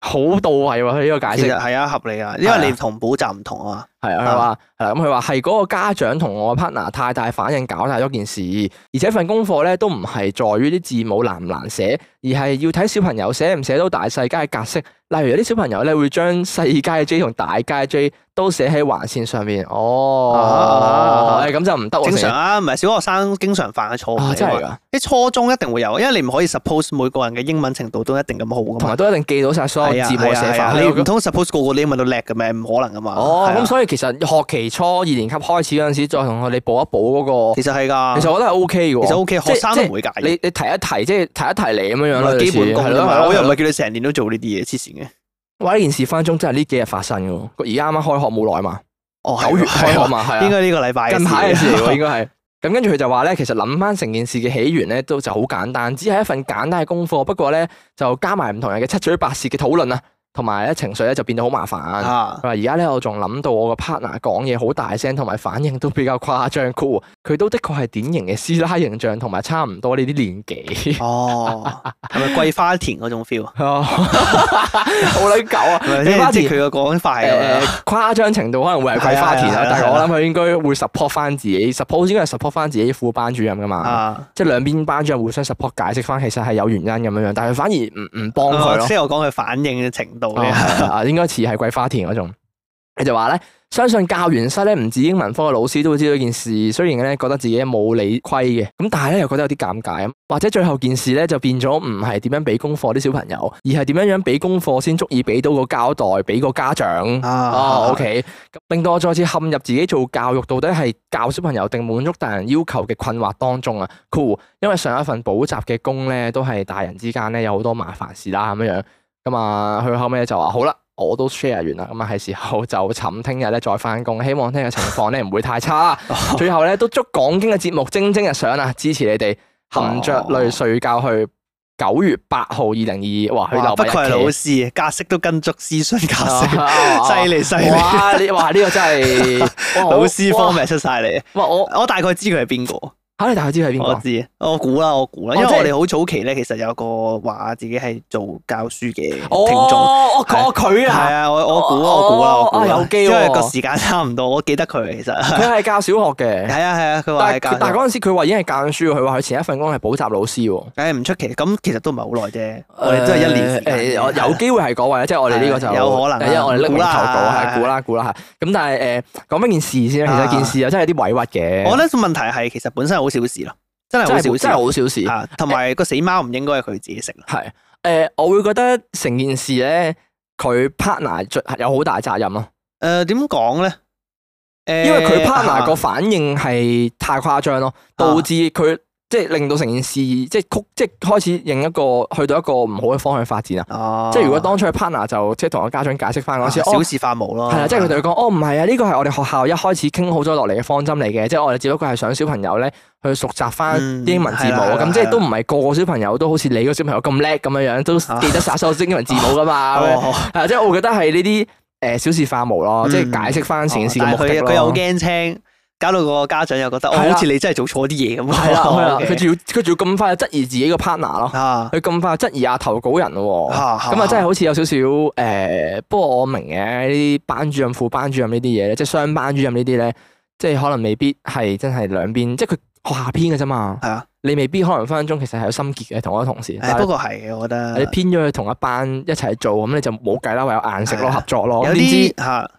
好到位喎，啊，佢、這、呢個解釋係啊合理啊，因為你同補習唔同啊嘛。 係啊，佢話係啦，咁佢話係嗰個家長同我 partner 太大反應，搞大咗件事。而且份功課咧都唔係在於啲字母難唔難寫，而係要睇小朋友寫唔寫到大細階嘅格式。例如有啲小朋友咧會將細階嘅 J 同大階嘅 J 都寫喺橫線上面，啊。哦、哎，咁就唔得喎。正常啊，唔係小學生經常犯嘅錯誤嚟㗎。啲、啊、初中一定會有，因為你唔可以 suppose 每個人嘅英文程度都一定咁好。同埋都一定記到晒所有字母寫法。你唔通 suppose 個個英文都叻嘅咩？唔可能㗎嘛。哦，咁所以。其實學期初二年級開始嗰陣時，再同佢哋補一補嗰個，其實係噶，其實我覺得係 O K 嘅，其實 O K，學生都唔會介意。你你提一提，即係提一提你咁樣樣啦，基本功啦，我又唔係叫你成年都做呢啲嘢黐綫嘅。哇！呢件事翻中真係呢幾日發生嘅，而家啱啱開學冇耐啊嘛，哦，九月開學嘛，應該呢個禮拜近排嘅事應該係。咁跟住佢就話咧，其實諗翻成件事嘅起源咧，都就好簡單，只係一份簡單嘅功課，不過咧就加埋唔同人嘅七嘴八舌嘅討論啊。同埋咧情緒咧就變到好麻煩。佢話而家咧我仲諗到我個 partner 講嘢好大聲，同埋反應都比較誇張 cool 佢都的確係典型嘅師奶形象，同埋差唔多呢啲年紀。哦，係咪桂花田嗰種 feel？好撚狗啊！你知佢嘅講法啊？誇張程度可能會係桂花田啦，但係我諗佢應該會 support 翻，自己，support 應該係 support 翻自己副班主任噶嘛。即係兩邊班主任互相 support 解釋翻，其實係有原因咁樣樣，但係反而唔唔幫佢。即係我講佢反應嘅程度。係啊，oh, yeah, 應該似係桂花田嗰種。佢 就話咧，相信教員室咧，唔止英文科嘅老師都會知道件事。雖然咧覺得自己冇理虧嘅，咁但係咧又覺得有啲尷尬咁。或者最後件事咧就變咗唔係點樣俾功課啲小朋友，而係點樣樣俾功課先足以俾到個交代俾個家長。OK，令到我再次陷入自己做教育到底係教小朋友定滿足大人要求嘅困惑當中啊。Cool，因為上一份補習嘅工咧，都係大人之間咧有好多麻煩事啦，咁樣樣。咁啊，佢後尾就話好啦，我都 share 完啦，咁啊係時候就尋聽日咧再返工，希望聽日情況咧唔會太差。 最後咧都祝講經嘅節目蒸蒸日上啊！支持你哋含着淚睡覺去九月八號二零二二，哇！去啊、不愧係老師格式都跟足資訊格式。犀利犀利！啊啊、害哇，呢個真係老師方面出晒嚟。喂，我我大概知佢係邊個。啊！你大概知佢係邊個？我知，我估啦，我估啦，因為我哋好早期咧，其實有個話自己係做教書嘅聽眾。哦，佢啊，係啊，我我估啊，我估啦！我估啊，有機喎。因為個時間差唔多，我記得佢其實。佢係教小學嘅。係啊，係啊，佢話係教。但係嗰陣時佢話已經係教書喎。佢話佢前一份工係補習老師喎。梗係唔出奇，咁其實都唔係好耐啫。我哋都係一年。誒，我有機會係講話咧，即係我哋呢個就有可能，因為我哋估啦。係估啦，估啦嚇。咁但係誒，講返件事先啦。其實件事啊，真係有啲委屈嘅。我覺得問題係其實本身好。小事咯，真係好小，啊、真係好小事同埋、啊、個死貓唔應該係佢自己食，係誒，我會覺得成件事咧，佢 partner 有好大責任咯。誒、呃，點講咧？呃、因為佢 partner 個反應係太誇張咯，啊、導致佢、啊。即係令到成件事，即係曲，即係開始認一個去到一個唔好嘅方向發展啊！即係如果當初 partner 就即係同個家長解釋翻，好似小事化無咯，係啊！即係佢同佢講：哦，唔係啊，呢個係我哋學校一開始傾好咗落嚟嘅方針嚟嘅。即係我哋只不過係想小朋友咧去熟習翻英文字母，咁即係都唔係個個小朋友都好似你個小朋友咁叻咁樣樣，都記得曬所有英文字母噶嘛？係啊，即係我覺得係呢啲誒小事化無咯，即係解釋翻成件事。但係佢佢又驚青。搞到個家長又覺得好似你真係做錯啲嘢咁，佢仲要佢仲要咁快質疑自己個 partner 咯，佢咁快質疑啊投稿人喎，咁啊真係好似有少少誒。不過我明嘅呢啲班主任、副班主任呢啲嘢，即係雙班主任呢啲咧，即係可能未必係真係兩邊，即係佢學校編嘅啫嘛。係啊，你未必可能分分鐘其實係有心結嘅同我同事。不過係嘅，我覺得你編咗去同一班一齊做咁，你就冇計啦，唯有硬食咯，合作咯。有啲嚇。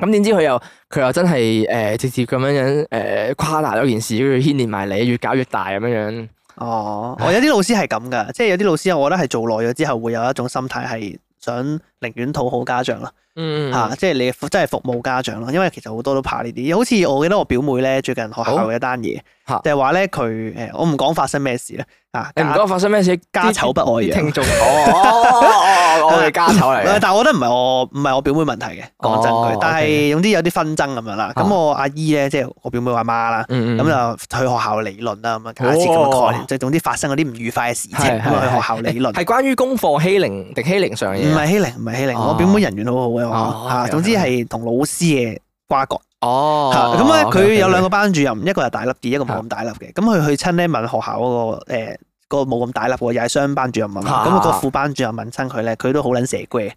咁點知佢又佢又真係誒、呃、直接咁樣樣誒誇大咗件事，跟住牽連埋你，越搞越大咁樣樣。哦，是我有啲老師係咁噶，即係有啲老師我覺得係做耐咗之後，會有一種心態係想寧願討好家長咯。嗯，吓，即係你真係服務家長咯，因為其實好多都怕呢啲，好似我記得我表妹咧最近學校有一單嘢，就係話咧佢誒，我唔講發生咩事咧，啊，你唔講發生咩事，家醜不外言，聽眾，哦，我哋家醜嚟，但係我覺得唔係我唔係我表妹問題嘅，講真句，但係總之有啲紛爭咁樣啦，咁我阿姨咧即係我表妹阿媽啦，咁就去學校理論啦咁啊，假設咁嘅概念，即係總之發生嗰啲唔愉快嘅事，咁啊去學校理論，係關於功課欺凌定欺凌上嘅嘢，唔係欺凌唔係欺凌，我表妹人緣好好嘅。啊，oh, okay, okay. 總之係同老師嘅瓜葛哦，咁咧佢有兩個班主任，一個係大粒啲，一個冇咁大粒嘅。咁佢、oh, okay , okay. 去親咧問學校嗰、那個誒、欸那個冇咁大粒嘅又係雙班主任啊嘛。咁、oh, okay. 個副班主任問親佢咧，佢都好撚蛇龜，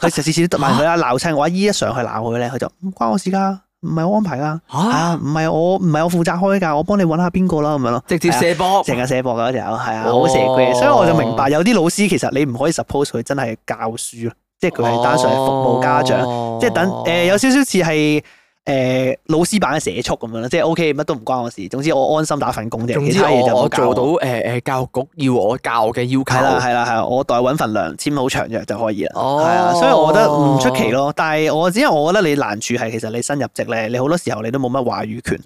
佢次 次都得問佢啦，鬧親我話依一上去鬧佢咧，佢就關我事噶，唔係我安排噶，oh. 啊唔係我唔係我負責開噶，我幫你搵下邊個啦咁樣咯，oh. 直接射波，成日、哎、射波噶，有係啊，好蛇龜，oh. 所以我就明白有啲老師其實你唔可以 suppose 佢真係教書。即係佢係單純係服務家長，哦、即係等誒、呃、有少少似係誒老師版嘅社畜咁樣啦，即係 O K，乜都唔關我事，總之我安心打份工啫。之其他嘢就我做到誒誒、呃，教育局要我教嘅要求係啦係啦係，我代搵份量簽好長約就可以啦。哦，係啊，所以我覺得唔出奇咯。但係我只係我覺得你難處係，其實你新入職咧，你好多時候你都冇乜話語權、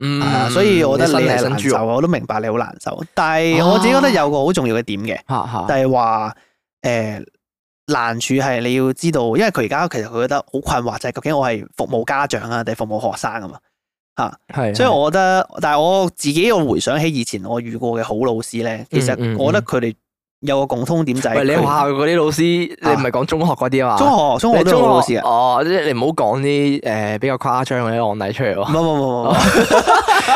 嗯呃。所以我覺得你係難受，我，我都明白你好難受。但係我自己覺得有個好重要嘅點嘅，啊、就係話誒。呃呃難處係你要知道，因為佢而家其實佢覺得好困惑，就係、是、究竟我係服務家長啊，定服務學生是的 啊嘛嚇，所以我覺得，但係我自己又回想起以前我遇過嘅好老師咧，其實我覺得佢哋。有個共通點就係，你學校嗰啲老師，你唔係講中學嗰啲嘛？中學，中學都冇老師哦，即係你唔好講啲誒比較誇張嗰啲案例出嚟咯。唔唔唔唔唔，唔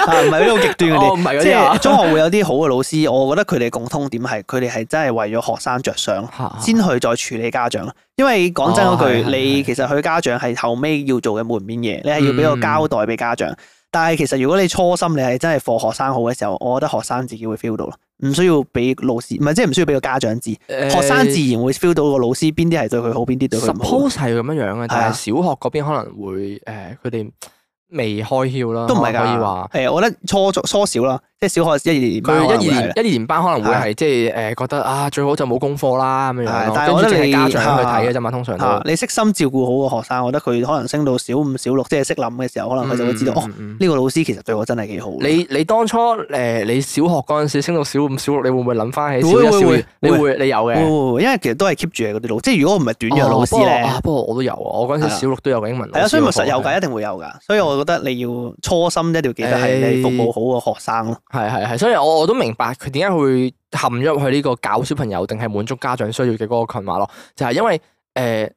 係呢個極端嗰啲，哦、即係中學會有啲好嘅老師， 我覺得佢哋共通點係，佢哋係真係為咗學生着想，啊、先去再處理家長。因為講真嗰句，哦、是是是你其實佢家長係後尾要做嘅門面嘢，你係要俾個交代俾家長。嗯但係其實如果你初心你係真係課學生好嘅時候，我覺得學生自己會 feel 到咯，唔需要俾老師，唔係即係唔需要俾個家長知，學生自然會 feel 到個老師邊啲係對佢好，邊啲對佢好。好。好，suppose 係咁樣樣嘅，但係小學嗰邊可能會誒佢哋。呃未開竅啦，都唔可以話。係啊，我覺得初初小啦，即係小學一二年班，一二年一年班可能會係即係誒，覺得啊，最好就冇功課啦咁樣，但係我覺得你家長去睇嘅啫嘛，通常你悉心照顧好個學生，我覺得佢可能升到小五、小六，即係識諗嘅時候，可能佢就會知道哦，呢個老師其實對我真係幾好。你你當初誒，你小學嗰陣時升到小五、小六，你會唔會諗翻起小一、你會你有嘅，因為其實都係 keep 住嗰啲老，即係如果唔係短約老師咧。不過我都有啊，我嗰陣時小六都有個英文係啊，所以咪實有噶，一定會有噶。所以我。我覺得你要初心一定要記得係你服務好個學生咯。哎。係係係，所以我我都明白佢點解會陷入去呢個教小朋友，定係滿足家長需要嘅嗰個困惑咯。就係、是、因為誒、嗯，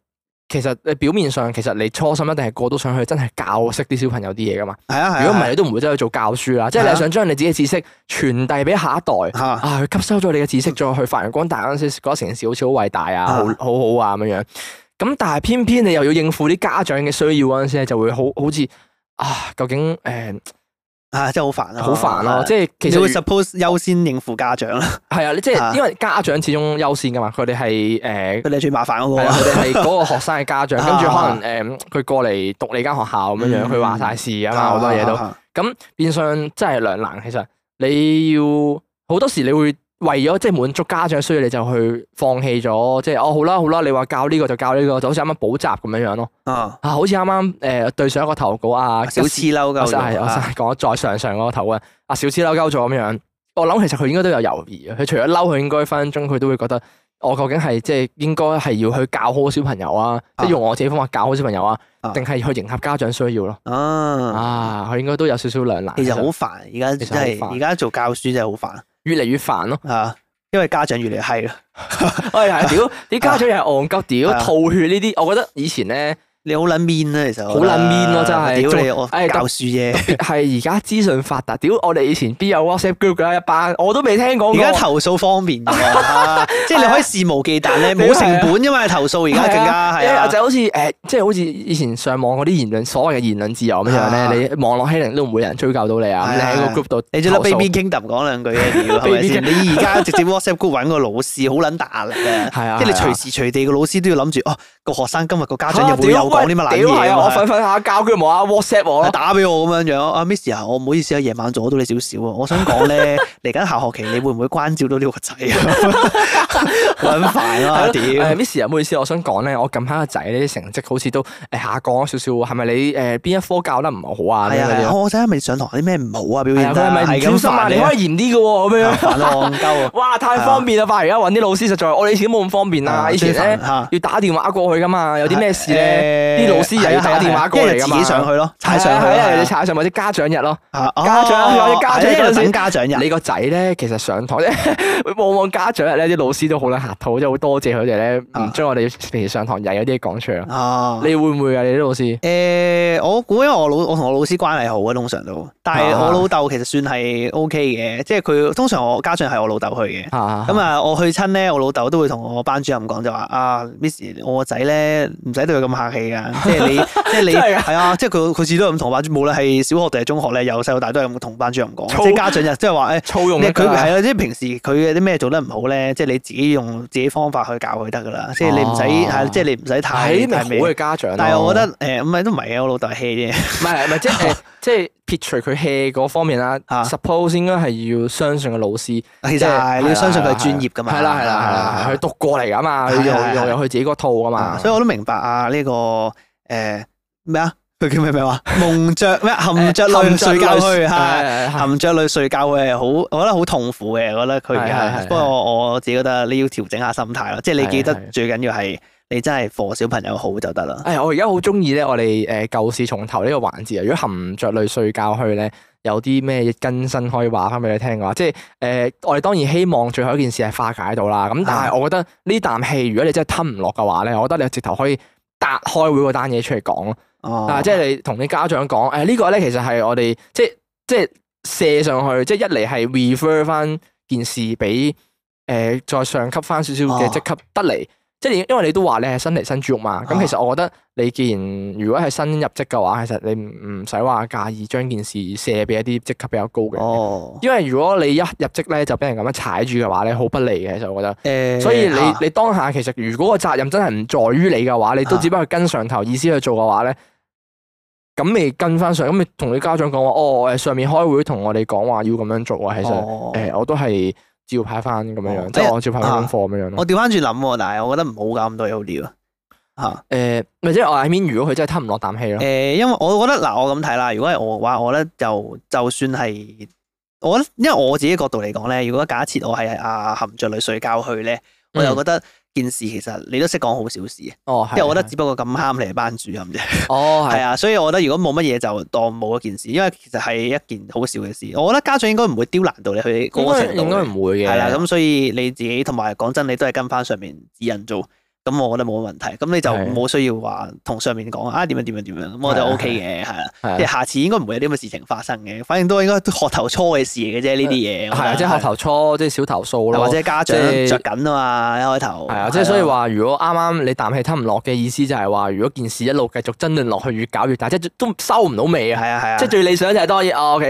其實你表面上其實你初心一定係個都想去真係教識啲小朋友啲嘢噶嘛。如果唔係，啊、你都唔會真去做教書啦。即係、啊啊、你想將你自己嘅知識傳遞俾下一代，啊，啊啊吸收咗你嘅知識再去發揚光大嗰陣時，嗰、嗰個、城市好似、啊、好偉大啊，好好好啊咁樣樣。咁但係偏偏你又要應付啲家長嘅需要嗰陣時就會好就會就會好似。好啊，究竟誒，呃、啊，真係好煩啊，好煩咯，即係其實會 suppose 優、呃、先應付家長啦，係啊，即係因為家長始終優先噶嘛，佢哋係誒，佢、呃、哋最麻煩噶喎，係啊，佢哋係嗰個學生嘅家長，跟住可能誒，佢、啊啊、過嚟讀你間學校咁樣樣，佢話晒事、嗯、啊嘛，好多嘢都，咁變相真係兩難，其實你要好多時你會。為咗即係滿足家長需要，你就去放棄咗，即係哦好啦好啦，你話教呢個就教呢、呢個，就好似啱啱補習咁樣樣咯。啊，啊，好似啱啱誒，對上一個投稿啊，啊，小痴嬲鳩，啊、我係講再上上嗰個頭嘅，啊，小痴嬲鳩咗咁樣。我諗其實佢應該都有猶豫，佢除咗嬲，佢應該分分鐘佢都會覺得，我究竟係即係應該係要去教好小朋友啊，啊即係用我自己方法教好小朋友啊，定係、啊、去迎合家長需要咯？啊啊，佢、啊、應該都有少少兩難。其實好煩，而家真係，而家做教書真係好煩。越嚟越煩咯，係啊，啊！因為家長越嚟越嗨咯，喂，我係屌啲家長又係憨鳩屌吐血呢啲，是啊、我覺得以前咧。你好捻面啊，其實好捻面咯，真係屌你我誒教書嘢係而家資訊發達，屌我哋以前邊有 WhatsApp group 噶一班，我都未聽過。而家投訴方便嘅，即係你可以肆無忌憚咧，冇成本噶嘛，因為投訴而家更加係啊，就好似誒，即係好似以前上網嗰啲言論，所謂嘅言論自由咁樣咧，你網絡欺凌都唔會有人追究到你啊。你喺個 group 度，你仲諗 Baby Kingdom 講兩句嘅，你而家直接 WhatsApp group 搵個老師，好捻大壓力啊！係啊，即係你隨時隨地個老師都要諗住哦。個學生今日個家長又、啊、會有講啲乜爛嘢喎？啊！我瞓瞓下覺佢冇啊 WhatsApp 我啦。打俾我咁樣樣啊，Miss 啊，我唔好意思啊，夜晚阻到你少少喎。 我想講咧，嚟緊下，下學期你會唔會關照到呢個仔 我 啊？揾煩啦，屌！Miss 了啊，唔、哎、好意思，我想講咧，我近排個仔啲成績好似都誒、哎、下降咗少少喎。係咪你誒邊、呃、一科教得唔好啊？係啊，我仔未上堂啲咩唔好演啊？表現啊，係咁煩，你可以嚴啲嘅喎咁樣。戇鳩、啊！哇，太方便啦！而家揾啲老師實在我哋以前冇咁方便啦、啊。以前要打電話過去。噶嘛，有啲咩事咧？啲老師又要打電話過嚟噶嘛，踩上去咯，踩上，係啊，踩上或者家長日咯。啊，家長日，家長日。家長日，你個仔咧，其實上堂咧，往往家長日咧，啲老師都好撚客套，即係好多謝佢哋咧，唔將我哋平時上堂曳有啲講出啊，你會唔會啊？你啲老師？誒，我估，因為我老我同我老師關係好嘅，通常都。但係我老豆其實算係 OK 嘅，即係佢通常我家長係我老豆去嘅。咁啊，我去親咧，我老豆都會同我班主任講就話啊，Miss，我個仔。咧，唔使對佢咁客氣噶，即係你，即係你係啊，即係佢佢始終係咁同班主任，無論係小學定係中學咧，由細到大都係咁同班主任講，即係家長就即係話，誒操用佢係啊，即係平時佢嘅啲咩做得唔好咧，即係你自己用自己方法去教佢得噶啦，即係你唔使係，即係你唔使太太會家長。但係我覺得誒唔係都唔係嘅，我老豆係氣啫，唔係唔係即係即係。撇除佢 hea 嗰方面啦，suppose 應該係要相信個老師，其實即係是要相信佢係專業㗎嘛。係啦係啦係啦，佢讀過嚟㗎嘛，佢又有佢自己嗰套㗎嘛。所以我都明白啊，呢、這個誒咩啊，佢、呃欸、叫咩名話？夢着，咩？含着淚睡覺去，係係係。含着淚睡覺係好，我覺得好痛苦嘅。我覺得佢，不過我自己覺得你要調整下心態咯，即係你記得最緊要係。你真係課小朋友好就得啦。誒，我而家好中意咧，我哋誒舊事重投呢個環節啊。如果含着淚睡覺去咧，有啲咩更新可以話翻俾你聽嘅話，即係誒、呃，我哋當然希望最後一件事係化解到啦。咁但係我覺得呢啖氣，如果你真係吞唔落嘅話咧，我覺得你直頭可以搭開會嗰單嘢出嚟講咯。哦，啊、呃這個，即係你同啲家長講，誒呢個咧其實係我哋即係即係射上去，即係一嚟係 refer 翻件事俾誒、呃、再上級翻少少嘅職級得嚟。哦。即係，因為你都話你係新嚟新豬肉嘛，咁、啊、其實我覺得你既然如果係新入職嘅話，啊、其實你唔唔使話介意將件事卸俾一啲職級比較高嘅，哦、因為如果你一入職咧就俾人咁樣踩住嘅話咧，好不利嘅。其實我覺得，啊、所以你你當下其實如果個責任真係唔在於你嘅話，你都只不過跟上頭意思去做嘅話咧，咁、啊、你跟翻上，咁你同你，你家長講話，哦，誒，上面開會同我哋講話要咁樣做啊，其實誒、哦呃，我都係。照派翻咁樣、啊、樣，即係我照派翻功課咁樣咯。我調翻轉諗，但係我覺得唔好搞咁多嘢好啲喎。嚇、啊，誒、呃，咪即係我係 mean 如果佢真係吞唔落啖氣咯。誒、呃，因為我覺得嗱，我咁睇啦，如果係我嘅話，我覺得就就算係我覺得，因為我自己角度嚟講咧，如果假設我係啊含著淚睡覺去咧，我又覺得、嗯。件事其實你都識講好小事啊，哦、因為我覺得只不過咁啱你係班主任咁啫，係啊，所以我覺得如果冇乜嘢就當冇一件事，因為其實係一件好小嘅事，我覺得家長應該唔會刁難到你去嗰個程度，應該唔會嘅，係啦，咁所以你自己同埋講真，你都係跟翻上面指引做。咁我覺得冇問題，咁你就冇需要話同上面講啊點樣點樣點樣，咁我就 O K 嘅，係啊。即係下次應該唔會有啲咁嘅事情發生嘅，反正都應該學頭初嘅事嘅啫，呢啲嘢。係啊，即係學頭初，即係少投訴咯，或者家長着緊啊嘛，一開頭。係啊，即係所以話，如果啱啱你啖氣吞唔落嘅意思，就係話如果件事一路繼續爭論落去，越搞越大，即係都收唔到尾啊！係啊係啊，即係最理想就係當然哦，OK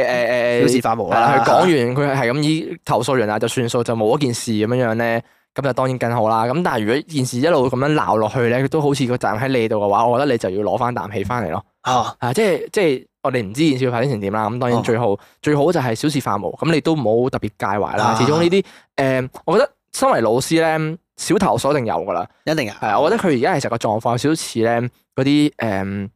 誒誒，小事化無啦。係啊，佢講完，佢係咁以投訴完啊，就算數就冇一件事咁樣樣咧。咁就當然更好啦。咁但係如果件事一路咁樣鬧落去咧，佢都好似個責任喺你度嘅話，我覺得你就要攞翻啖氣翻嚟咯。啊，啊，即係即係，我哋唔知件事會發展成點啦。咁當然最好、啊、最好就係小事化無。咁你都唔好特別介懷啦。啊、始終呢啲，誒、呃，我覺得身為老師咧，小投訴定有噶啦。一定啊，係，我覺得佢而家係成個狀況，有少少似咧嗰啲，誒。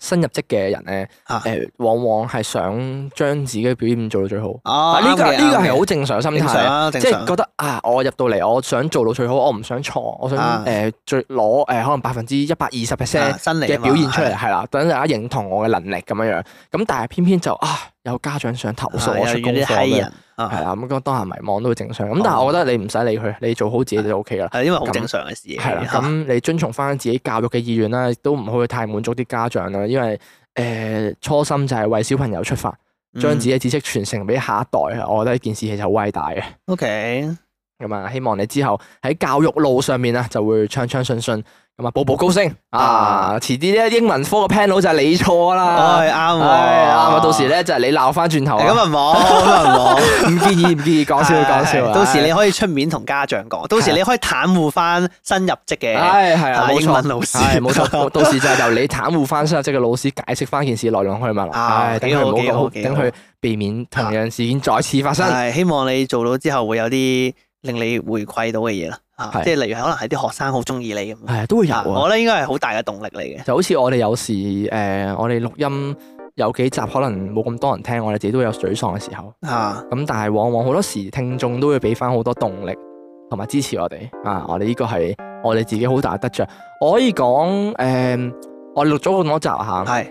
新入職嘅人咧，誒、呃、往往係想將自己嘅表現做到最好。呢、哦呢個呢個係好正常嘅心態，即係、啊、覺得啊，我入到嚟，我想做到最好，我唔想錯，我想誒、啊呃、最攞誒可能百分之一百二十 percent 嘅表現出嚟，係啦、啊，等大家認同我嘅能力咁樣樣。咁但係偏偏就啊～有家長想投訴我，上公訴咁樣，係咁、啊、當下迷茫都正常。咁但係我覺得你唔使理佢，你做好自己就 O K 啦。因為好正常嘅事。係啦，咁你遵從翻自己教育嘅意願啦，都唔好太滿足啲家長啦，因為誒、呃、初心就係為小朋友出發，將自己知識傳承俾下一代。嗯、我覺得呢件事其實好偉大嘅。O K，咁啊，希望你之後喺教育路上面啊，就會暢暢順順。咁啊，步步高升啊！遲啲咧，英文科嘅 panel 就係你錯啦，啱喎，啱啊！到時咧就係你鬧翻轉頭，咁啊冇，咁啊冇，唔建議唔建議，講笑講笑。到時你可以出面同家長講，到時你可以袒護翻新入職嘅係係啊，英文老師，冇錯，到時就由你袒護翻新入職嘅老師，解釋翻件事內容去嘛，啊，等佢唔好，等佢避免同樣事件再次發生。係希望你做到之後會有啲令你回饋到嘅嘢啦。啊、即係例如，可能係啲學生好中意你咁，係啊，都會有啊。我覺得應該係好大嘅動力嚟嘅，就好似我哋有時誒、呃，我哋錄音有幾集可能冇咁多人聽，我哋自己都有沮喪嘅時候啊。咁但係往往好多時聽眾都會俾翻好多動力同埋支持我哋啊。我哋呢個係我哋自己好大嘅得着。我可以講誒、呃，我錄咗咁多集吓，係、啊、係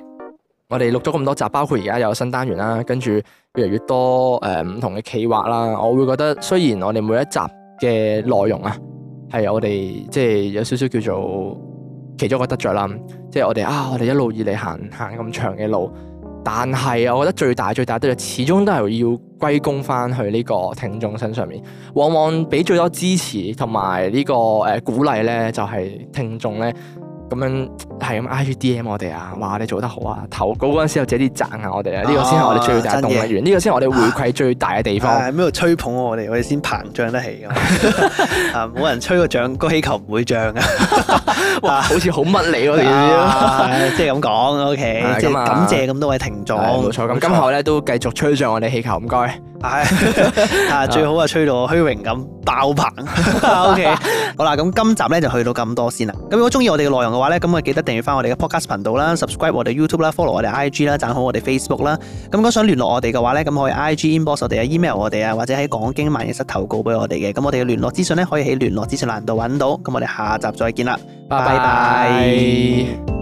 我哋錄咗咁多集，包括而家有新單元啦，跟住越嚟越多誒唔、呃、同嘅企劃啦。我會覺得雖然我哋每一集嘅內容啊。係我哋即係有少少叫做其中一個得着啦，即係我哋啊，我哋一路以嚟行行咁長嘅路，但係我覺得最大最大得着始終都係要歸功翻去呢個聽眾身上面，往往俾最多支持同埋呢個誒鼓勵咧，就係聽眾咧。咁樣係咁 IGDM 我哋啊，話你做得好啊！投稿嗰陣時有借啲讚下我哋啊，呢個先係我哋最大動物園，呢個先係我哋回饋最大嘅地方。喺邊度吹捧我哋，我哋先膨脹得起咁。啊，冇人吹個漲，個氣球唔會漲噶。哇，好似好乜你咯，點即係咁講，O K，即係感謝咁多位聽眾。冇錯、啊，啊嗯嗯錯嗯、今後咧都繼續吹上我哋氣球，唔該。係啊， 最好啊，吹到我虛榮咁爆棚、 okay。O K，好啦，咁今集咧就去到咁多先啦。咁如果中意我哋嘅內容嘅話咧，咁啊記得訂閱翻我哋嘅 Podcast 頻道啦，subscribe 我哋 YouTube 啦，follow 我哋 I G 啦，讚好我哋 Facebook 啦。咁如果想聯絡我哋嘅話咧，咁可以 I G inbox 我哋啊，email 我哋啊，或者喺講經萬應室投稿俾我哋嘅。咁我哋嘅聯絡資訊咧，可以喺聯絡資訊欄度搵到。咁我哋下集再見啦，拜拜。